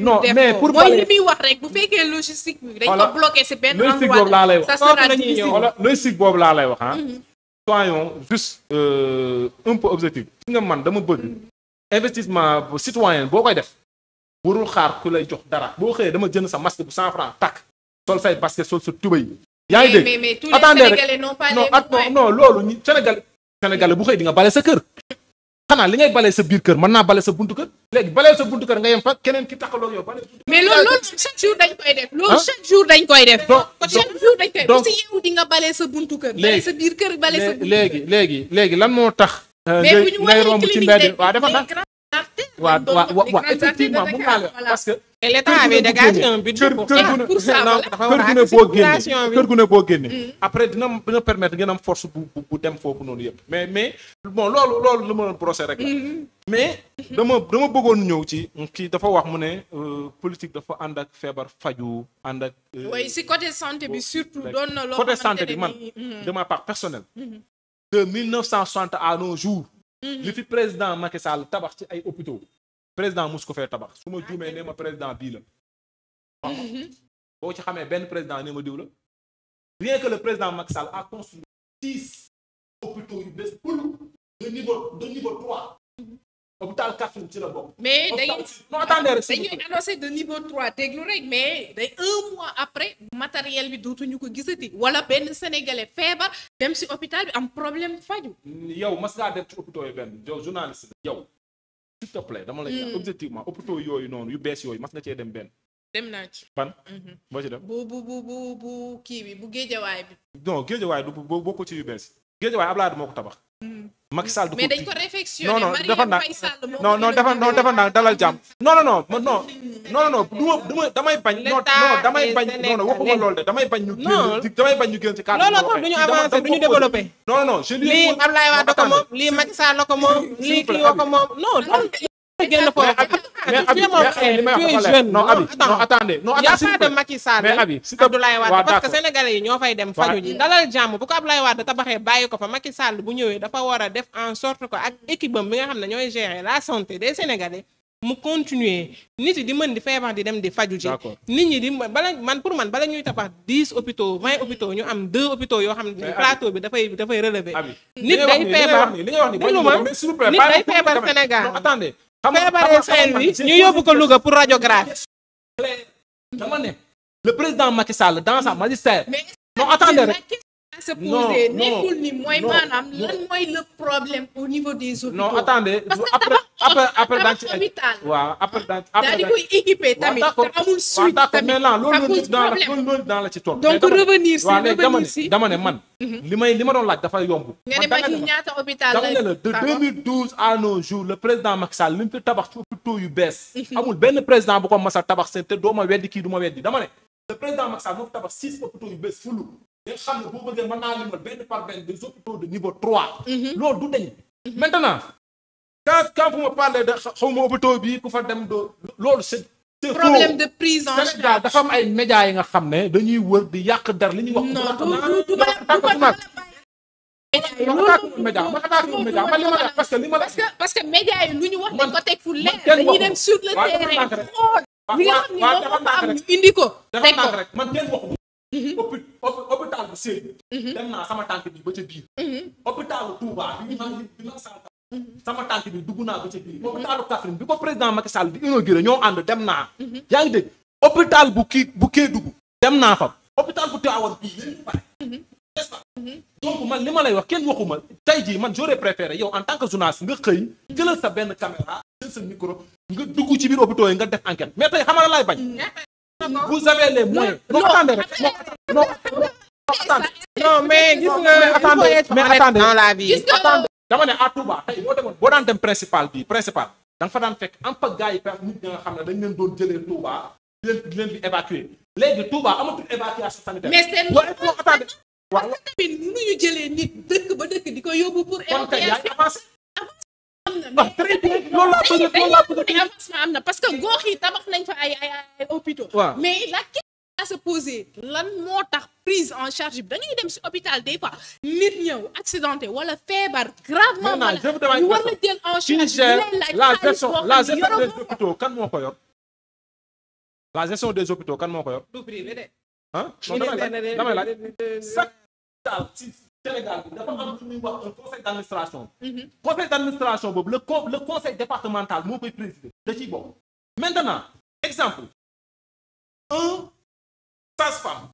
non mais pour bale mooy li muy wax rek bu fekkee logistique bi dañ ko bloqué ci benn endroit logistique boobu laa lay wax logistique boobu laa lay wax soyons juste euh, un peu objectif si nga man dama bëgg investissement citoyen boo koy def warul xaar ku lay jox dara boo xëyee dama jënd sa masque bu cent franc takk sol say basket sol sa tubéy yaa ngi dégg attendez rek non no loolu ñu Sénégal Sénégalais bu xëy di nga bale sa kër xanaa li ngay balee sa biir kër mën naa bale sa buntu kër léegi baleel sa buntu kër nga yem fa keneen ki taxaloo yow bale mais loolu loolu chaque jour dañ koy def loolu ah? chaque jour dañ koy def sa buntu kër balee sa biir léegi léegi lan moo tax euh, ngay romb ci mbedd waaw dafa waaw waaw waaw effectivement mun naa la parce que. mais l' état avait dégagé un budget pour ça pour ça wala kër gu ne boo génnee mm. après dina dina permettre ngeen am force bu bu dem foofu noonu yëpp mais mais bon loolu loolu lu ma doon brosser rek la. Mm-hmm. mais dama dama bëggoon ñëw ci. kii dafa wax mu ne euh, politique dafa ànd ak feebar faju ànd ak. Euh, oui si côté santé bi surtout doon na loo côté santé bi man mm-hmm. de ma part personnelle. Mm-hmm. de 1960 à nos jours. Mhm. li fi président Macky Sall tabax ci ay hôpitaux président mus ko tabax su ma juumee nee ma président bii la mhm. boo ci xamee benn président nee ma diw la rien que le président Macky Sall a construit six hôpitaux de niveau de niveau trois mhm. hôpital Kaffrine ci la bokk. mais day non attendez rek dañuy annoncé de niveau trois déglu rek mais day un mois après matériel bi dootuñu ko gisati wala benn sénégalais feebar dem si hôpital bi am problème faju yow mas ngaa dem ci hôpitaux yi benn yow journaliste yow s'il te plaît dama lay. Hmm. objectivement hôpitaux yooyu noonu yu bees yooyu mas nga cee dem benn. dem naa ci. fan. Mhm. boo ci dem bu bu bu kii bi bu géejawaay bi. non géejawaay du boo bokk ci yu bees géejawaay Ablaye moo ko tabax. Hmm. Macky Sall du ko mais dalal jàmm. non non non ma damay bañ. non non damay bañ non non waxuma loolu de damay bañ. ñu génn damay bañ ñu génn ci cadre. looloo tax du ñu avancé du ñu développé. non non je lii Abdoulaye Wade ko moom lii Macky Sall ko moom lii kii ko moom non. mais jeune non abi non attendez non de Macky Sall Abdoulaye parce que sénégalais yi ñoo fay dem faju ji dalal jàmm bu ko Abdoulaye Wade tabaxee bàyyi ko fa Macky Sall bu ñëwee dafa war a def en sorte que ak équipe am bi nga xam ne ñooy gérer la santé des sénégalais mu continuer nit yi di mën di feebar di dem di faju ji nit ñi di bala man pour man bala ñuy tabax dix hôpitaux vingt hôpitaux ñu am deux yoo xam ne plateau bi dafay dafay relever nit day feebar nit day feebar Sénégal feebaree Saint-Louis ñu yóbbu ko Louga pour rajo dama ne le président Macky Sall dans sa magistère. non attendez se poser nekkul ni mooy maanaam non attendez après après après après après daal koy équipé tamit te suite tamit loolu daan la ci toll. donc revenir si revenir man. li may li ma dafa yomb. nga la dama ne la de 2012 à le président Macky Sall fi tabax ci hôpitaux yu bees. Mhm. amul benn président bu ko mas a tabax seen ma weddi kii du ma weddi dama ne. le président Macky Sall moo fi tabax six hôpitaux yu fulu. nga xam ne boo bëggee mën naa limal benn par benn des hôpitaux de dafa am ay yi nga xam ne dañuy wër di yàq der li ñuy wax. non du du parce que li ma la. parce que médias yi lu ñu wax ko teg fu leer dañuy dem sur le terrain. li nga xam ne ñoo ko am indi ko. teg ko man kenn waxu Mm-hmm. hôpital bu Sédhiou. Mm-hmm. dem naa sama tànk bi ba ca biir. Mm-hmm. hôpitalu Touba bi sama tànk bi dugg naa ba ca biir. hôpitalu Kaffrine bi ko président Macky Sall di inauguré ñoo ànd dem naa. yaa ngi dégg hôpital bu kii bu Kédougou dem naa fa. hôpital bu Tivaouane bii léegi pare. n'est-ce man li ma lay wax kenn waxuma ma tey jii man j'aurais préféré en tant que journaliste nga xëy. jëlal sa benn caméra jël sa micro nga dugg ci biir hôpitaux yi nga def enquête mais tey xamal laay bañ. vous avez les moyens. non non non mais gis nga attendez mais attendez dans la vie. dama ne à Touba boo daan dem principal bi principal. da nga fa daan fekk am fa yi per nit ñi nga xam ne dañ leen doon jëlee Touba. di leen di di évacuer léegi Touba amatul évacuation sanitaire. mais seen loolu attendez. parce que tamit nit dëkk ba dëkk di ko yóbbu pour. évacuation wax très bien loolu laa bëgg loolu laa bëgg ne avancement am na parce que gox yi tabax nañ fa ay ay ay hôpitaux waaw mais la question à se poser lan moo tax prise en charge bi da ngay dem si hôpital des fois nit ñëw accidenté wala feebar gravement malade ñu war la jël en charge la gestion la gestion des hôpitaux kan moo ko yor la gestion des hôpitaux kan moo ko yor ah damay laaj damay laaj chaque Sénégal bi dafa am lu ñuy wax un conseil d' administration. Mhm. conseil d' boobu le conseil départemental moo koy présider da ciy bokk. maintenant exemple un sage-femme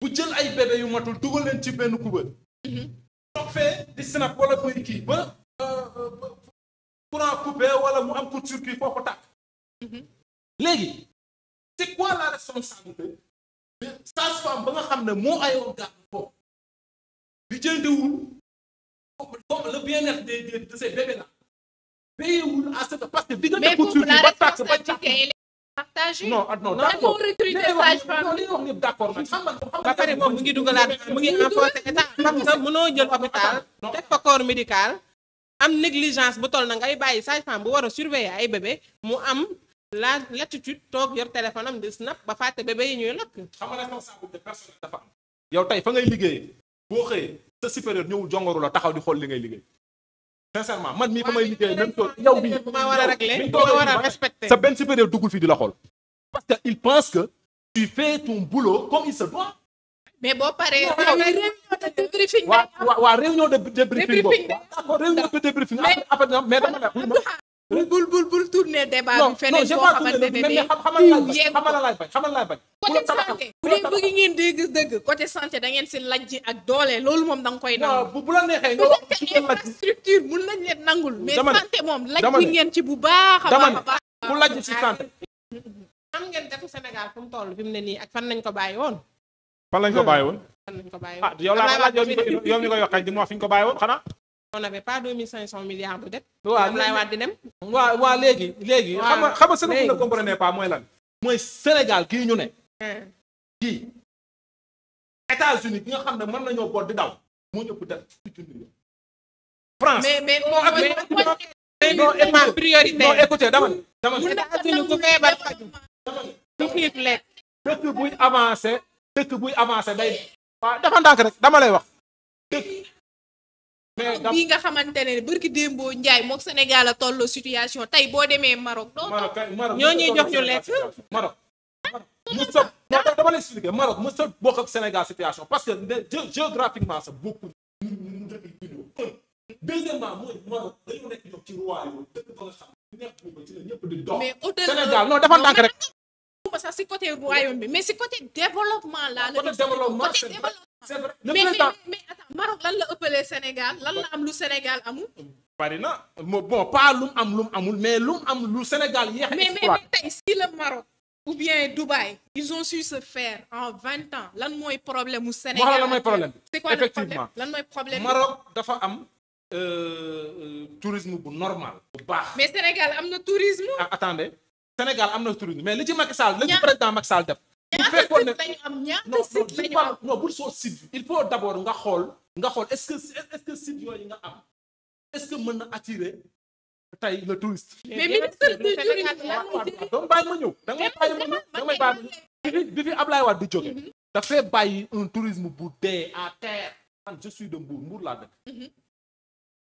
bu jël ay bébé yu matul dugal leen ci benn kubéer. donc mhm. fee di snap wala muy kii ba euh, courant coupé wala mu am court-circuit foofu tàkk. Mhm. léegi c' quoi la responsabilité sage-femme ba nga xam ne moo ay gàtt foofu. du jëndewul le que diggante pour surtout ba tàkk ba càkk non non ba pare moom mu ngi dugalaat mu ngi renforcer état parce que mënoo jël hôpital def fa corps médical am négligence bu toll na ngay bàyyi sage-femme bu war a ay bébé mu am la l'attitude toog yor téléphone am di snap ba fàtte bébé yi ñuy lakk. yow tey fa ngay liggéey boo xëyee sa supérieur ñëwul jongoru la taxaw di xool li ngay liggéey sincèrement man mii fa liggéey bi sa benn supérieur duggul fii di la xool parce que il pense que tu fais ton boulot comme il se doit mais boo paree. waaw waaw réunion de débriefing boobu. réunion de débriefing boobu réunion de débriefing mais dama bul bul bul tourner débat bi feneen boo xamante ne ne xamal laay bañ xamal laay bañ côté santé bu dee bëgg ngeen di gis dëgg santé da ngeen si lajj ak doole loolu moom da nga koy nangu bu la neexee nga wax ci infrastructure mun lañ leen ngeen ci bu baax a baax a baax bu lajj si santé am ngeen datu Sénégal fu mu toll fi mu ne nii ak fan lañ ko bàyyi woon fan lañ ko bàyyi woon ah yow laa laaj yow mi koy yow di ma wax fi ñu ko bàyyi woon xanaa on n'avait pas 2500 milliards de dettes. waaw Abdoulaye Wade di dem. waaw waaw léegi léegi. waaw xam nga xam nga ce que vous ne comprenez pas mooy lan. mooy Sénégal kii ñu ne. kii États-Unis ki nga xam ne mën nañoo boot di daw. moo ëpp def France mais mais moo mais non écoutez priorité non écoutez dama ne. dama ne États-Unis ku feebar faju. buy avancé dëkk buy avancé dama lay wax bii nga xamante ne barki démboo Njaay mook Sénégal a tolloo situation tey boo demee Maroc doon ñoo ñuy jox ñu lekk Sénégal situation parce que géographiquement sa bokkul deuxièmement mooy Maroc dañoo nekk ñoom nekk ko ci di dox Sénégal non dafa ndànk rek sax royaume bi mais si côté développement la côté c'est vrai le président mais mais attends la ëppalee Sénégal lan la am lu Sénégal amul. bari na bon pas lu am lu amul mais lu mu am lu Sénégal yéex a. mais mais tey si le Maroc. ou bien Dubaï. ils ont su se faire en vingt ans lan mooy problème mu Sénégal. moo xam mooy problème c'est quoi lan mooy problème Maroc dafa am. Euh, euh, tourisme bu normal. bu baax mais Sénégal am na tourisme. ah attendez Sénégal am na tourisme mais li ci Macky Sall li ci président Macky Sall def. bu fekkoon ne non non non bul soo site d' abord nga xool nga xool est ce que est ce que site yooyu nga am est ce que mën na attirer tey le touriste. mais ministre la jëriñ doomu bàyyi ma ñëw. da nga bàyyi ma ñëw da nga bàyyi bi fi Ablaye Wade di jóge. Mhm. dafay bàyyi un tourisme bu dee à terre. man je suis de laa dëkk. Mhm.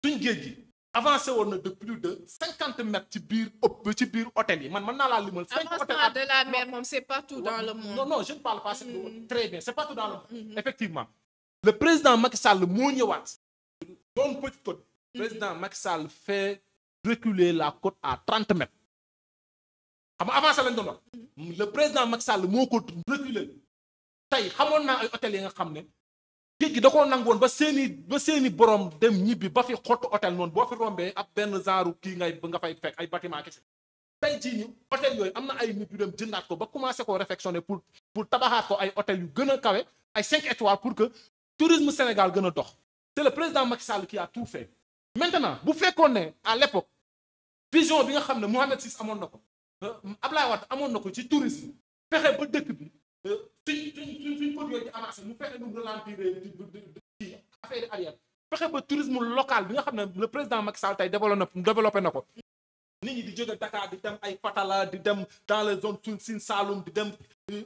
suñ géej gi. avancé woon na de plus de cinquante mètres ci biir ëpp ci biir hôtel yi man mën naa laa limal. cinq hôtels avancement de la mer moom c'est partout dans le monde. non je ne parle pas mm-hmm. très bien c'est partout dans le monde. Mm-hmm. effectivement le président Macky Sall moo ñëwaat. doon Petite Côte. Mm-hmm. président Macky Sall fait reculer la côte à trente mètres. xam nga avancé lañ doon le président Macky Sall moo ko reculer. tey xamoon naa ay hôtels yi nga xam ne. géej gi da koo nangu ba seeni ba seeni boroom dem ñibbi ba fi xottu hôtel noonu boo fi rombee ab benn genre kii ngay nga fay fekk ay bâtiment kese tey jii nii hôtel yooyu am na ay nit yu dem jëndaat ko ba commencé koo réfectionner pour pour tabaxaat ko ay hôtel yu gën a kawe ay cinq étoiles pour que tourisme Sénégal gën a dox te le président Macky Sall qui a tout fait maintenant bu fekkoon ne à l'époque vision bi nga xam ne Mohamed Sis amoon na ko euh, Ablaye Wade amoon na ko ci tourisme fexe ba dëkk bi suñ suñ suñ suñ produit di avancé mu fexe mu ralentir ci affaire yi arrière fexe ba tourisme local bi nga xam ne le président Macky Sall tey développé na développé na ko. nit ñi di jóge Dakar di dem ay Fatala di dem dans les zones suñ Sine Saloum di dem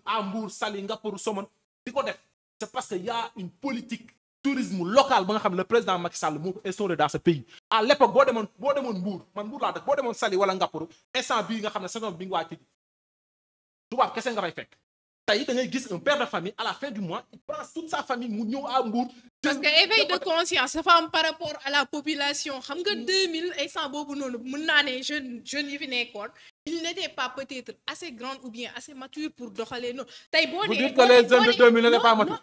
à euh, Mbour Saly Ngaparou Somone di ko def c'est parce que y a une politique tourisme local ba nga xam ne le président Macky Sall moo ko instauré dans ce pays. à l'époque boo demoon boo demoon Mbour man Mbour laa def boo demoon Saly wala Ngaparou instant bii nga xam ne saison bi nga waa tëj tubaab kese nga fay fekk. tey da ngay gis un père de famille à la fin du mois il prend sa famille mu ñëw à Mbour. parce que éveil de conscience dafa am par rapport à la population xam nga 2000 mm. instant boobu noonu mën naa ne jeunes jeunes yi fi nekkoon. ils n'étaient pas peut-être assez grands ou bien assez matures pour doxalee noonu. tey boo nee boo nee vous dites que pas matures.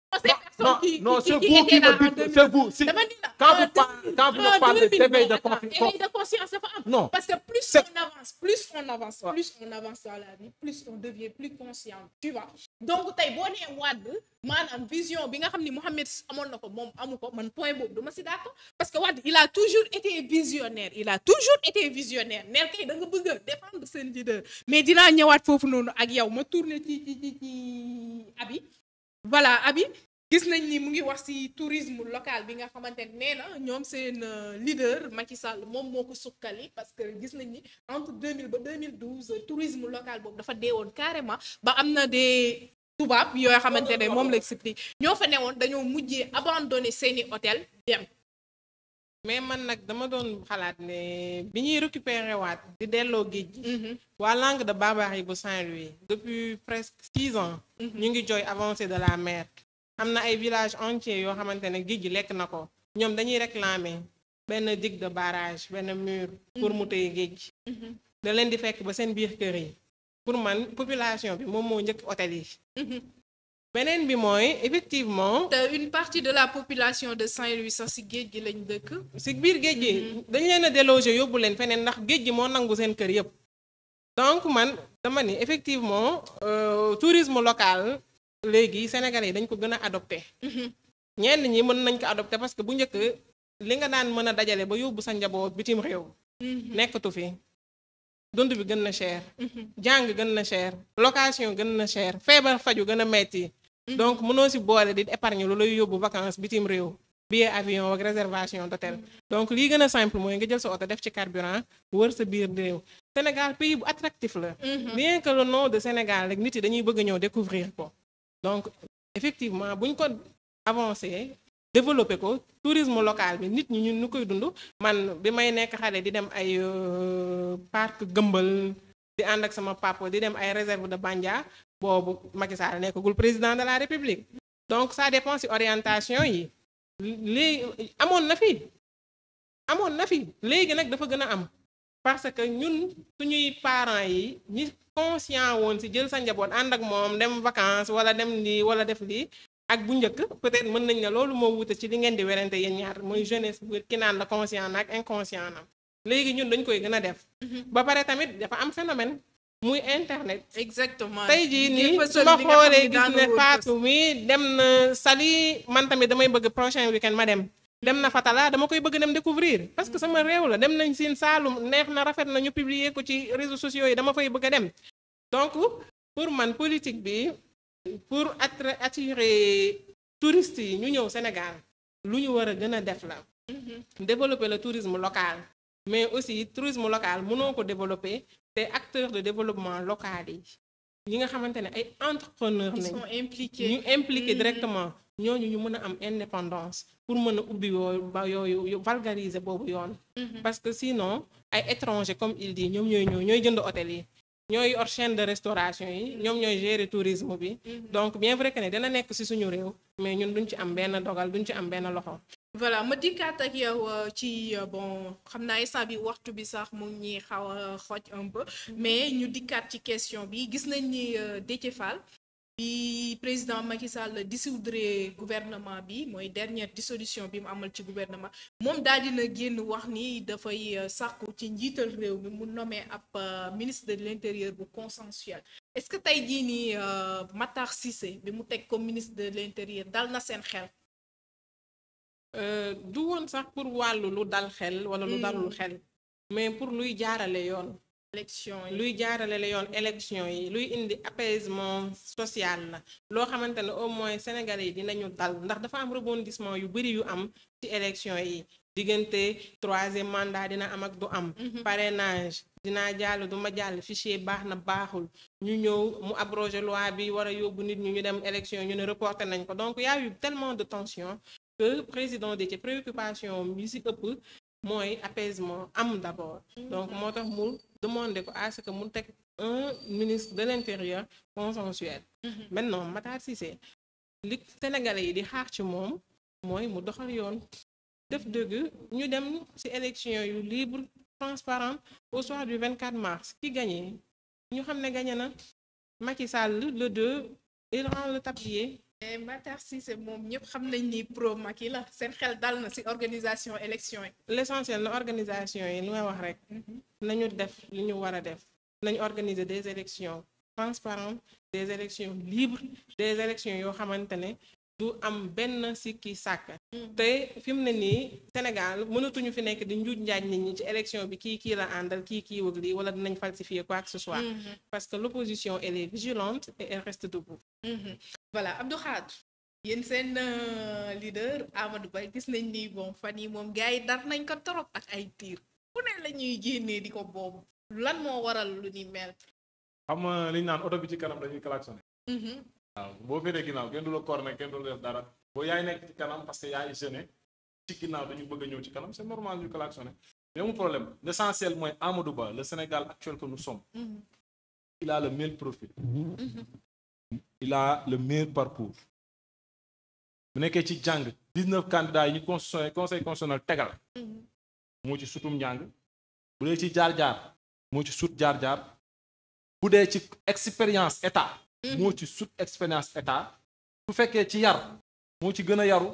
Non, qui, non, qui, ce qui vous qui me dites, c'est vous. Si, quand de, de conscience, Parce que plus on avance, plus on avance, plus on avance dans la plus on devient plus conscient, tu Donc, tey boo nee Wade maanaam vision bi nga xam ni Mohamed amoon na ko moom amu ko man point boobu dama si d'accord parce que Wade il a toujours été visionnaire il a toujours été visionnaire ner kay da nga bëgg a défendre seen leader mais dinaa ñëwaat foofu noonu ak yow ma tourner voilà Abi gis nañ ni mu ngi wax ci tourisme local bi nga xamante ne nee na ñoom seen euh, leader Macky Sall moom moo ko sukkali parce que gis nañ ni entre 2000 ba 2012 euh, tourisme local boobu dafa dee woon carrément ba am na des tubaab yoo xamante ne moom la expliqué ñoo fa woon dañoo mujjee abandonné seeni hôtel dem mais man nag dama doon xalaat ne bi ñuy récupérer waat di delloo géej gi mhm. waa langue de barbarie bu Saint-Louis depuis presque six ans mhm. ñu ngi jooy avancée de la mer am na ay village entier yoo xamante ne géej gi lekk na ko ñoom dañuy réclamer benn digue de barrage benn mur pour mhm. mu téye géej gi da leen di fekk ba seen biir kër yi pour man population bi moom moo njëkk hôtel yi beneen bi mooy effectivement. une partie de la population de Saint-Louis sax si géej gi lañ dëkk. si biir géej gi. Mm-hmm. dañ leen a déloger yóbbu leen feneen ndax géej gi moo nangu seen kër yëpp. donc man dama ni effectivement euh, tourisme local léegi sénégal yi dañ ko gën a adopté. Mm-hmm. ñenn ñi mën nañ ko adopté parce que bu njëkk li nga daan mën a dajale ba yóbbu sa njaboot bitim réew. Mm-hmm. nekkatu fi. dund bi gën na cher. jàng gën na cher. location gën na cher feebar faju gën a metti Mm-hmm. donc mënoo si boole di épargne lu lay yóbbu vacances bitim réew. billet avion ak réservation d'hôtel mm-hmm. donc lii gën a simple mooy nga jël sa oto def ci carburant wër sa biir réew Sénégal pays bu atractif la mm-hmm. bien que le nom de Sénégal rek nit yi dañuy bëgg ñëw découvrir ko donc effectivement buñ ko avancé développé ko tourisme local bi nit ñi ñun ñu koy dund man bi may nekk xale di dem ay euh, parc gëmbal di ànd ak sama papa di dem ay réserve de Bandia boobu Macky nekk gul président de la République donc ça dépend si orientation yi lii amoon na fi amoon na fi léegi nag dafa gën a am parce que ñun ñuy parent yi ñu conscient woon ci jël sa njaboot ànd ak moom dem vacance wala dem lii wala def lii ak bu njëkk peut-être mën nañ ne loolu moo wute ci li ngeen di werante yéen ñaar mooy jeunesse bu ki naan la conscient na ak inconscient léegi ñun dañ koy gën a def mhm. ba pare tamit dafa am muy internet. exactement tey jii nii su ma xoolee gis ne Fatou mi dem na Saly man tamit damay bëgg prochain weekend ma dem. dem na Fatala dama koy bëgg dem découvrir parce que sama réew la dem nañ Sine Saalum neex na rafet na ñu publier ko ci réseau sociaux yi dama koy bëgg a dem. donc pour man politique bi pour attirer touristes yi ñu ñëw Sénégal lu ñu war a gën a def la. Mm-hmm. développer le tourisme local. mais aussi tourisme local mënoo ko développer te acteur de développement local yi yi nga xamante ne ay entrepreneurs nañ ñu impliqué mmh. directement ñooñu ñu mën a am indépendance pour mën a ubbi yooyu ba yooyu vulgariser boobu yoon mmh. parce que sinon ay étrangers comme il dit ñoom ñooy ñëw ñooy jënd hôtel yi ñooy yor chaîne de restauration yi ñoom ñooy gérer tourisme bi mhm. donc bien vrai que ne dina nekk ci suñu réew mais ñun duñ ci am benn dogal duñ ci am benn loxo voilà ma dikkaat ak yow euh, ci euh, bon xam naa instant bi waxtu bi sax mu ngi ñuy xaw a xooj un peu mhm. mais ñu dikkaat ci question bi gis nañ ni euh, Déthié Fall lii président Macky Sall dissoudre gouvernement bi mooy dernière dissolution bi mu amal ci gouvernement moom daal dina génn wax ni dafay euh, sàkku ci njiital réew mi mu nommé ab euh, ministre de l'intérieur bu consensuel est-ce que tey jii nii euh, Matar Cissé bi mu teg ko ministre de l'intérieur dal na seen xel du woon sax pour wàllu lu dal xel wala lu mm. dalul xel mais pour luy jaarale yoon élection yi luy jaarale la yoon élection yi luy indi apaisement social la loo xamante ne au moins sénégalais yi dinañu dal ndax dafa am rebondissement yu bari yu am ci élection yi diggante troisième mandat dina am ak du am mhm. parrainage dinaa jàll duma jàll fichier baax na baaxul ñu ñëw mu abrogé loi bi war a yóbbu nit ñu ñu dem élection ñu ne reporté nañ ko donc y a eu de tension que président de ci préoccupation yi si ëpp mooy apaisement am d'abord mhm. donc demandé ko à que mu teg un ministre de l' intérieur consensuel. Mhm. maintenant Matar Cissé li Sénégalais yi di xaar ci moom mooy mu doxal yoon def dëgg ñu dem ci élection yu libre transparent au soir du 24 mars ki gagné ñu xam ne gagné na Macky le 2 il rend le tablier. Eh, Matar Cissé moom ñëpp xam nañ ni pro Macky la seen xel dal na ci organisation élection yi. l'essentiel la organisation yi lu may wax rek. Mhm. nañu def li ñu war a def. nañu organiser des élections transparentes des élections libres des élections yoo xamante ne du am benn sikki sàkk mm. te fi mu ne nii Sénégal mënatuñu fi nekk di njuuj njaaj nit ñi ci élection bi kii kii la àndal kii kii wëg lii wala dinañ falsifier quoi que ce soit mm-hmm. parce que l'opposition elle est vigilante et elle reste debout mm-hmm. voilà Abdou Khad seen euh, leader Amadou Ba gis nañ ni bon fan yi moom gars yi dar nañ ko torop ak ay tiir ku ne la ñuy génnee di ko boobu lan moo waral lu ni mel xam waaw boo féetee ginnaaw kenn du la corner kenn du la def dara boo yaay nekk ci kanam parce que yaay jeune ci ginnaaw dañu bëgg a ñëw ci kanam c'est normal ñu klaxonné mais mu problème l'essentiel mooy Amadou Ba le Sénégal actuel que nous sommes mm-hmm. le meilleur profil mm-hmm. Mm-hmm. parcours bu nekkee ci jàng dix neuf candidats yi ñu constitution conseil constitutionnel tegal moo ci sutum njàng bu dee ci jaar-jaar moo ci suut jaar-jaar bu dee ci expérience état Mhm. moo ci sut expérience état su fekkee ci yar moo ci gën a yaru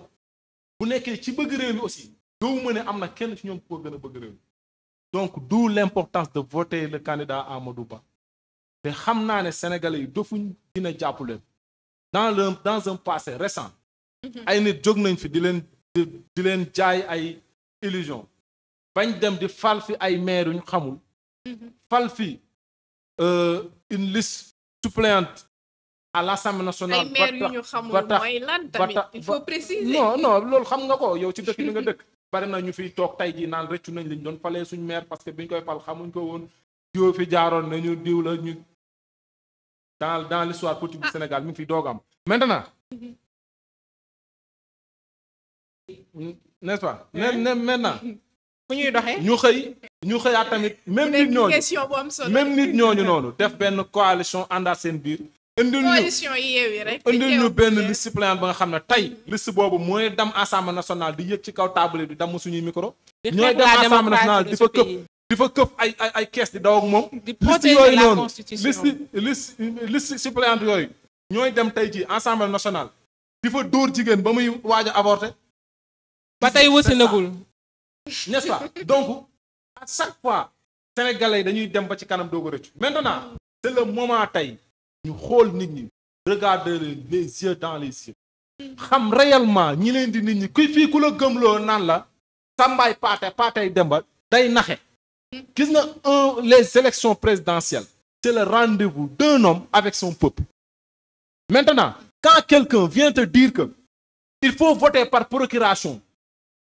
bu nekkee ci bëgg réew mi aussi doowu ma ne am na kenn ci ñoom ko gën a bëgg réew mi donc d'où l'importance de voter le candidat Amadou Ba te xam naa ne sénégalais yi dofuñ dina jàpp dans le dans un passé récent mhm. ay nit jóg nañ fi di leen di leen jaay ay illusion bañ dem di fal fi ay maire yu xamul mhm. fal fi euh, une liste suppléante à l'Assemblée nationale. ay maire yu ñu xamul xam nga ko yow ci dëkk bi nga dëkk. bari na ñu fi toog tey jii naan rëccu nañ liñ doon falee suñ maire parce que biñ koy fal xamuñ ko woon diw fi jaaroon nañu diw ñu dans dans l'histoire politique du ah. Sénégal mi fi doog am. maintenant. n'est-ce pas. ne maintenant. fu ñuy doxee ñu xëy. ñu xëyaat tamit même nit ñooñu même nit ñooñu noonu def benn coalition àndaat seen biir. indil ñu coalition Yewwi rek. indil ñu benn liste suppléante ba nga xam ne tey. liste boobu mooy dem assemblée nationale di yëg ci kaw table di damm suñuy micro. ñooy dem assemblée nationale di fa këpp di fa këpp ay ay ay kees di daw ak moom. di yooyu noonu liste liste suppléante yooyu. ñooy dem tey ci assemblée nationale. di fa dóor jigéen ba muy waaj a avorter. ba tey wësinagul. n'est-ce pas donc à chaque fois sénégalais dañuy dem ba ci kanam doog a rëccu. maintenant c'est le tey. ñu xool nit ñi regarder les yeux dans les yeux xam réellement ñi leen di nit ñi ki fii ku la gëmloo naan la sàmbaay paate paatey demba day naxe gis na un les élections présidentielles c'est le rendez-vous d'un homme avec son peuple maintenant quand quelqu'un vient te dire il faut voter par procuration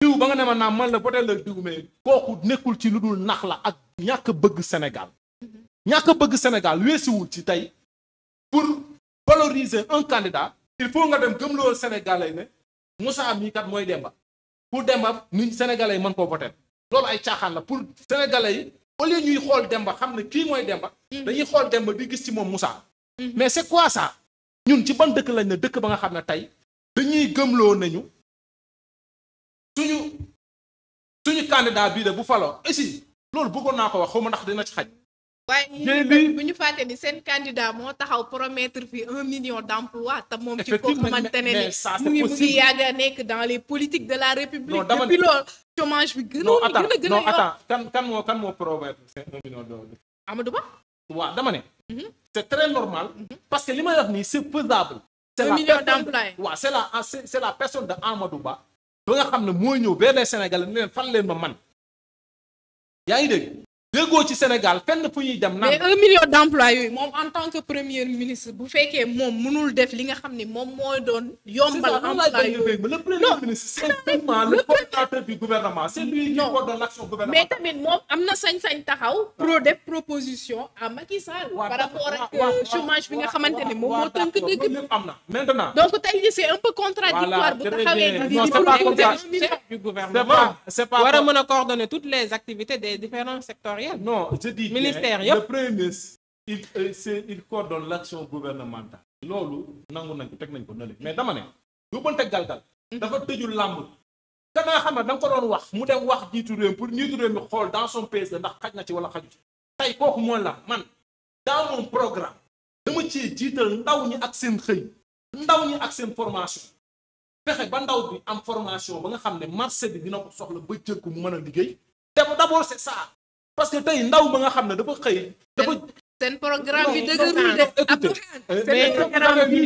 diw ba nga ne ma naa man la voté la diw mais kooku nekkul ci lu dul nax la ak ñàkk bëgg Sénégal mm-hmm. ñàkk bëgg Sénégal weesuwul ci tey pour valoriser un candida il faut nga dem gëmloo Sénégalais ne Moussa mii kat mooy Demba pour Demba nit Sénégalais yi mën koo voter loolu ay caaxaan la pour Sénégalais yi au lieu ñuy xool Demba xam ne kii mooy Demba hmm. dañuy xool Demba bi gis ci moom Moussa hmm. mais c'est quoi ça ñun ci ban dëkk lañ ne dëkk ba nga xam ne tey dañuy gëmloo nañu suñu suñu candidat bii de bu falo aussi loolu bëggoon naa ko wax xaw ma ndax dina ci xaj waaye ñu ñu fàtte ni seen candidat moo taxaw promettre fi un million d'emplois te moom ci koo xamante ne ni mu ngi mu ngi yàgg nekk dans les politiques de la république depuis loolu chômage bi gën a gën a gën a yor kan kan moo kan moo promettre c'est un million d'emplois Amadou dama ne mhm. c'est très normal mhm. parce que li ma wax nii c'est faisable c'est la personne waaw c'est la c'est la personne de Amadou Ba ba nga xam ne moo ñëw benn Sénégal leen fan ma man déggoo ci Sénégal fenn fu ñuy dem. naan mais un million d'emplois yooyu moom en tant que premier ministre bu fekkee moom mënul def li nga xam ni moom mooy doon. yombal emploi yooyu le mais tamit moom am na sañ-sañ taxaw. pro def proposition à Macky Sall. par rapport ak euh, chômage bi nga xamante ni moom moo tënk dëgg bi. am na maintenant. donc tey jii c'est un peu contradictoire bu taxawee. non c'est pas contradictoire du gouvernement. c'est pas war a mën a coordonner toutes les activités des rien. non je dis ministère yëpp le premier ministre. Euh, c'est il coordonne l'action gouvernementale. loolu nangu nañ ko teg nañ ko nële mais dama ne. yóbbante galgal mhm. dafa tëjul làmb. danaa xam ne da ko doon wax mu dem wax jiitu réew pour njiitu réew mi xool dans son pays la ndax xaj na ci wala xaju ci. tey kooku mooy la man dans mon programme. dama ci jiital ndaw ñi ak seen xëy. ndaw ñi ak seen formation. fexe ba ndaw bi am formation ba nga xam ne marché bi dina ko soxla ba jël ko mu mën a liggéey. te d'abord c'est ça. parce que tey ndaw ma nga xam ne dafa xëy. dafa seen programme bi dëgërul de. mais programme bi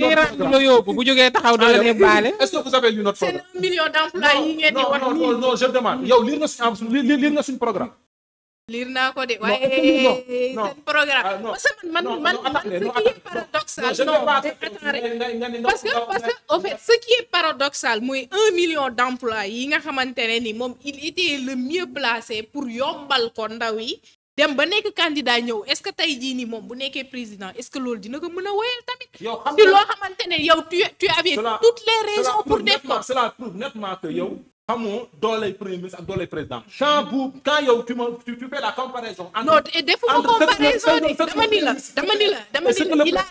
la yóbbu bu jógee taxaw da la ne baale. est-ce que vous avez lu notre programme. million d'emplois yi ngeen di wax nii non non non je demande yow lire nga suñu lire nga suñu programme. liir naa ko de waaye seen programme parce ah, man man man ce qui est paradoxal non parce que parce que au fait ce qui est paradoxal mooy un million d'emplois yi nga xamante ne ni moom il était le mieux placé pour yombal ko ndaw yi dem ba nekk candidat ñëw est-ce que tey jii ni moom bu nekkee président est que loolu dina ko mën a wéyal tamit si loo xamante ne yow tu tu avais toutes les raisons pour def ko xamoo dooley premier ministre ak dooley président. quand la comparaison. entre non defuma comparaison de le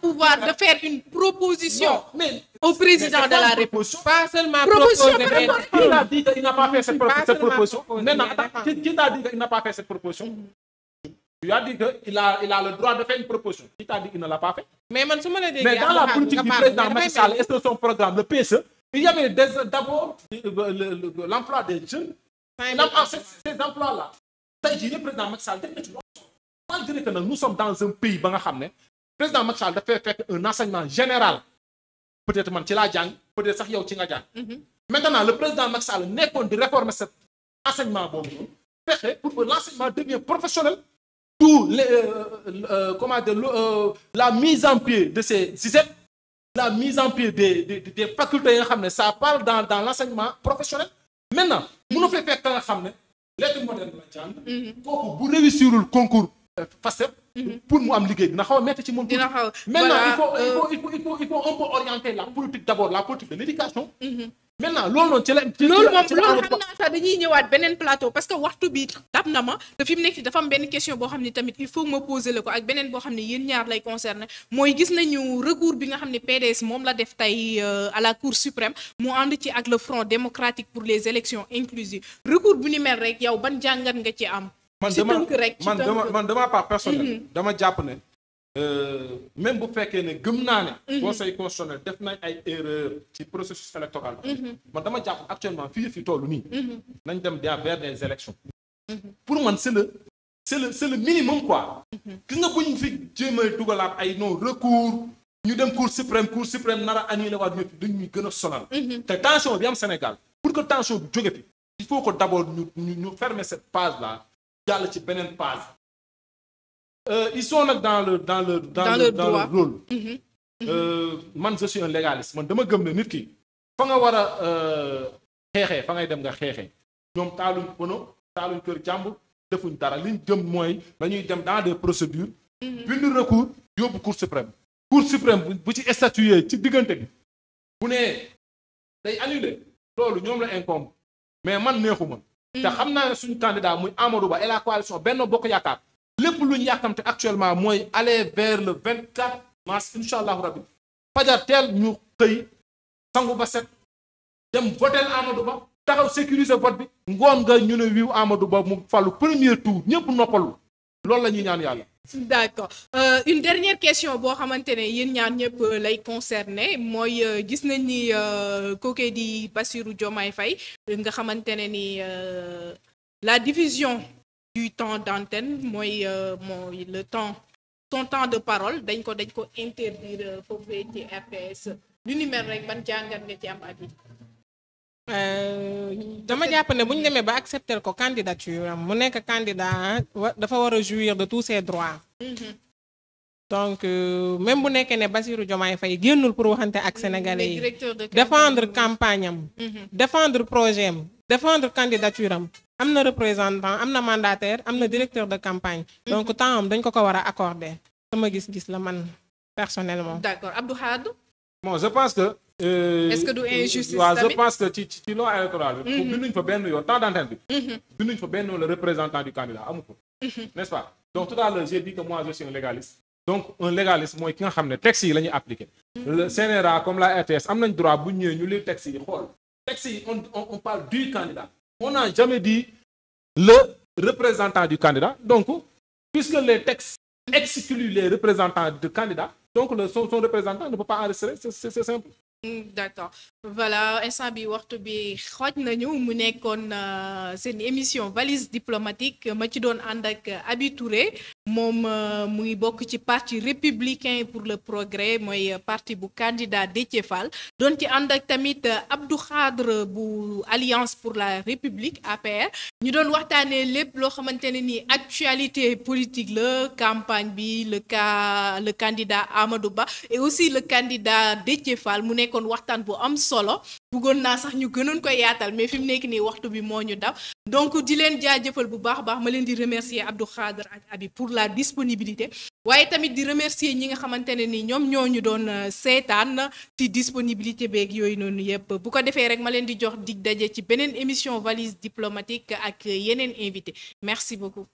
pouvoir de faire une proposition. au président de la République. pas seulement proposition mais il a dit qu'il n'a pas fait cette proposition. maintenant qui t'a dit qu'il n'a pas fait cette proposition. tu as dit que il a le droit de faire une proposition. qui t'a dit qu'il ne l'a pas fait. mais man su ma la la politique du président il y avait d'abord l'emploi des jeunes. Ah, ces emplois là. tey jii le président Macky Sall def na ci loolu. malgré que nag nous sommes dans un pays ba nga xam ne président Macky Sall dafay fekk un enseignement général peut-être man ci laa jàng peut sax yow ci nga jàng. Mm-hmm. maintenant le président Macky Sall nekkoon di réformer cet enseignement boobu noonu. fexe pour que l'enseignement devienne professionnel. tout les euh, euh, comment dire euh, la mise en pied de ces ISEP. la mise en pied des des des facultés yi nga xam ne ça parle dans dans l' enseignement professionnel. maintenant mënoo fee fekk nga xam ne lettre moderne la jàng. Mhm. kooku bu réussirul concours euh, mhm. pour mu am liggéey na xaw a métti ci moom. dina xaw maintenant euh. il faut il faut il faut il faut orienter la politique d' la politique de l' maintenant loolu noonu ci la. ci loolu moom loolu xam naa sax dañuy ñëwaat beneen plateau parce que waxtu bi dab na ma te fi mu nekk dafa am benn question boo xam ne tamit il faut ma poser la ko ak beneen boo xam ne yéen ñaar lay concerné mooy gis nañu recours bi nga xam ne PDS moom la def tey euh, à la cour suprême mu ànd ci ak le front démocratique pour les élections inclusives recours bu ni mel rek yow ban jàngat nga ci am. ci tënk man dama man dama mm-hmm. dama jàpp ne. Euh, même bu fekkee ne gëm naa ne. Mhm. conseil constitutionnel def nañ ay erreur ci processus électoral. Mhm. man dama jàpp actuellement fii fi toll nii. Mhm. nañ dem dia vers des pour man c' est le c' est minimum quoi. gis nga buñ fi jéem a dugalaat ay no recours. ñu dem cour suprême cour suprême nar a annulé waat ñëpp dañ ñuy gën a sonal. te tension bi am Sénégal pour que tension bi jóge fi. il faut que d' abord ñu ñu fermer cette page là jàll ci beneen page. Euh, ils sont nag dans le dans le dans le dans le mhm. Mhm. Euh, man je suis un légaliste man dama gëm ne nit ki fa nga war a euh, xeexee fa ngay dem nga xeexee ñoom taaluñ pono taaluñ kër jàmbur defuñ dara liñ jëm mooy dañuy dem dans des procédures. Mhm. bindu recours yóbbu cour suprême. cour suprême bu ci statué ci diggante bi bu nee tey annulé loolu ñoom la incombe mais man neexu ma. te xam naa suñ suñu candidat muy Amadou Ba et la coalition Benno Bokk Yaakaar. lépp lu ñu yàkkamte actuellement mooy aller vers le vingt quatre mars incha allahu rabbi fajar teel ñu xëy sangu ba set dem votel Amadou Ba taxaw sécuriser vote bi ngoon nga ñu ne wiiw Amadou Ba mu fàllu premier tour ñëpp noppalu loolu la ñuy ñaan yàlla d' accord euh, une dernière question boo xamante ne yéen ñaar ñëpp lay concerné mooy euh, gis nañ ni euh, kooku di Bassirou Diomaye fay nga xamante ne ni euh, la division du temps d'antenne mooy euh, mooy le temps son temps de parole dañ ko dañ ko interdire euh, foofee ci RTS lu ni mel nga ci am abi euh, dama jàpp ne bu ñu demee ba accepter ko candidature am mu nekk candidat dafa war a jouir de tous ses droit mm-hmm. donc même bu nekkee ne Bassirou Diomaye Faye génnul pour waxante ak sénégalais mm-hmm. yi défendre campagne am mm-hmm. défendre projet am défendre candidature am am na représentant am na mandataire am na mhm. directeur de campagne. Mhm. donc temps am dañ ko ko war a accorder. sama gis-gis la man personnellement. d'accord Abdou Hadj. bon que. Euh, est que du euh, injustice waaw je pense que ci ci loi bi. Mhm. binduñ fa benn yoon temps d'antenne bi. binduñ fa benn yoon le représentant du candidat amu ko. n'est-ce pas donc tout à l'heure j'ai que moi je suis légaliste. donc un légaliste mooy ki xam ne textes yi la ñuy appliquer. le comme la RTS am na droit bu ñëwee ñu lire textes yi xool. textes yi on on on a jamais dit le représentant du candidat. Donc, puisque les textes excluent les représentants du candidat, donc le, son, son représentant ne peut pas enregistrer, c'est simple. d'accord voilà instant bi waxtu bi xooj nañu mu nekkoon euh, seen émission valise diplomatique ma ci doon ànd ak Abi moom euh, mu ngi bokk ci parti républicain pour le progrès mooy parti bu candidat Déthié Fall doon ci ànd ak tamit Abdou Khadre bu alliance pour la république APR ñu doon waxtaanee lépp loo xamante ne ni actualité politique la campagne bi le cas le candidat Amadou Ba et aussi le candidat Déthié mu nekk kon waxtaan bu am solo bëggoon naa sax ñu gënoon ko yaatal mais fi mu nekk nii waxtu bi moo ñu daw donc dileen leen jaajëfal bu baax a baax ma leen di remercier Abdou Khader ak Abi pour la disponibilité waaye tamit di remercier ñi nga xamante ne ni ñoom ñoo ñu doon euh, seetaan ci disponibilité beeg yooyu noonu yëpp bu ko defee rek ma leen di jox dig daje ci beneen émission valise diplomatique ak yeneen invité merci beaucoup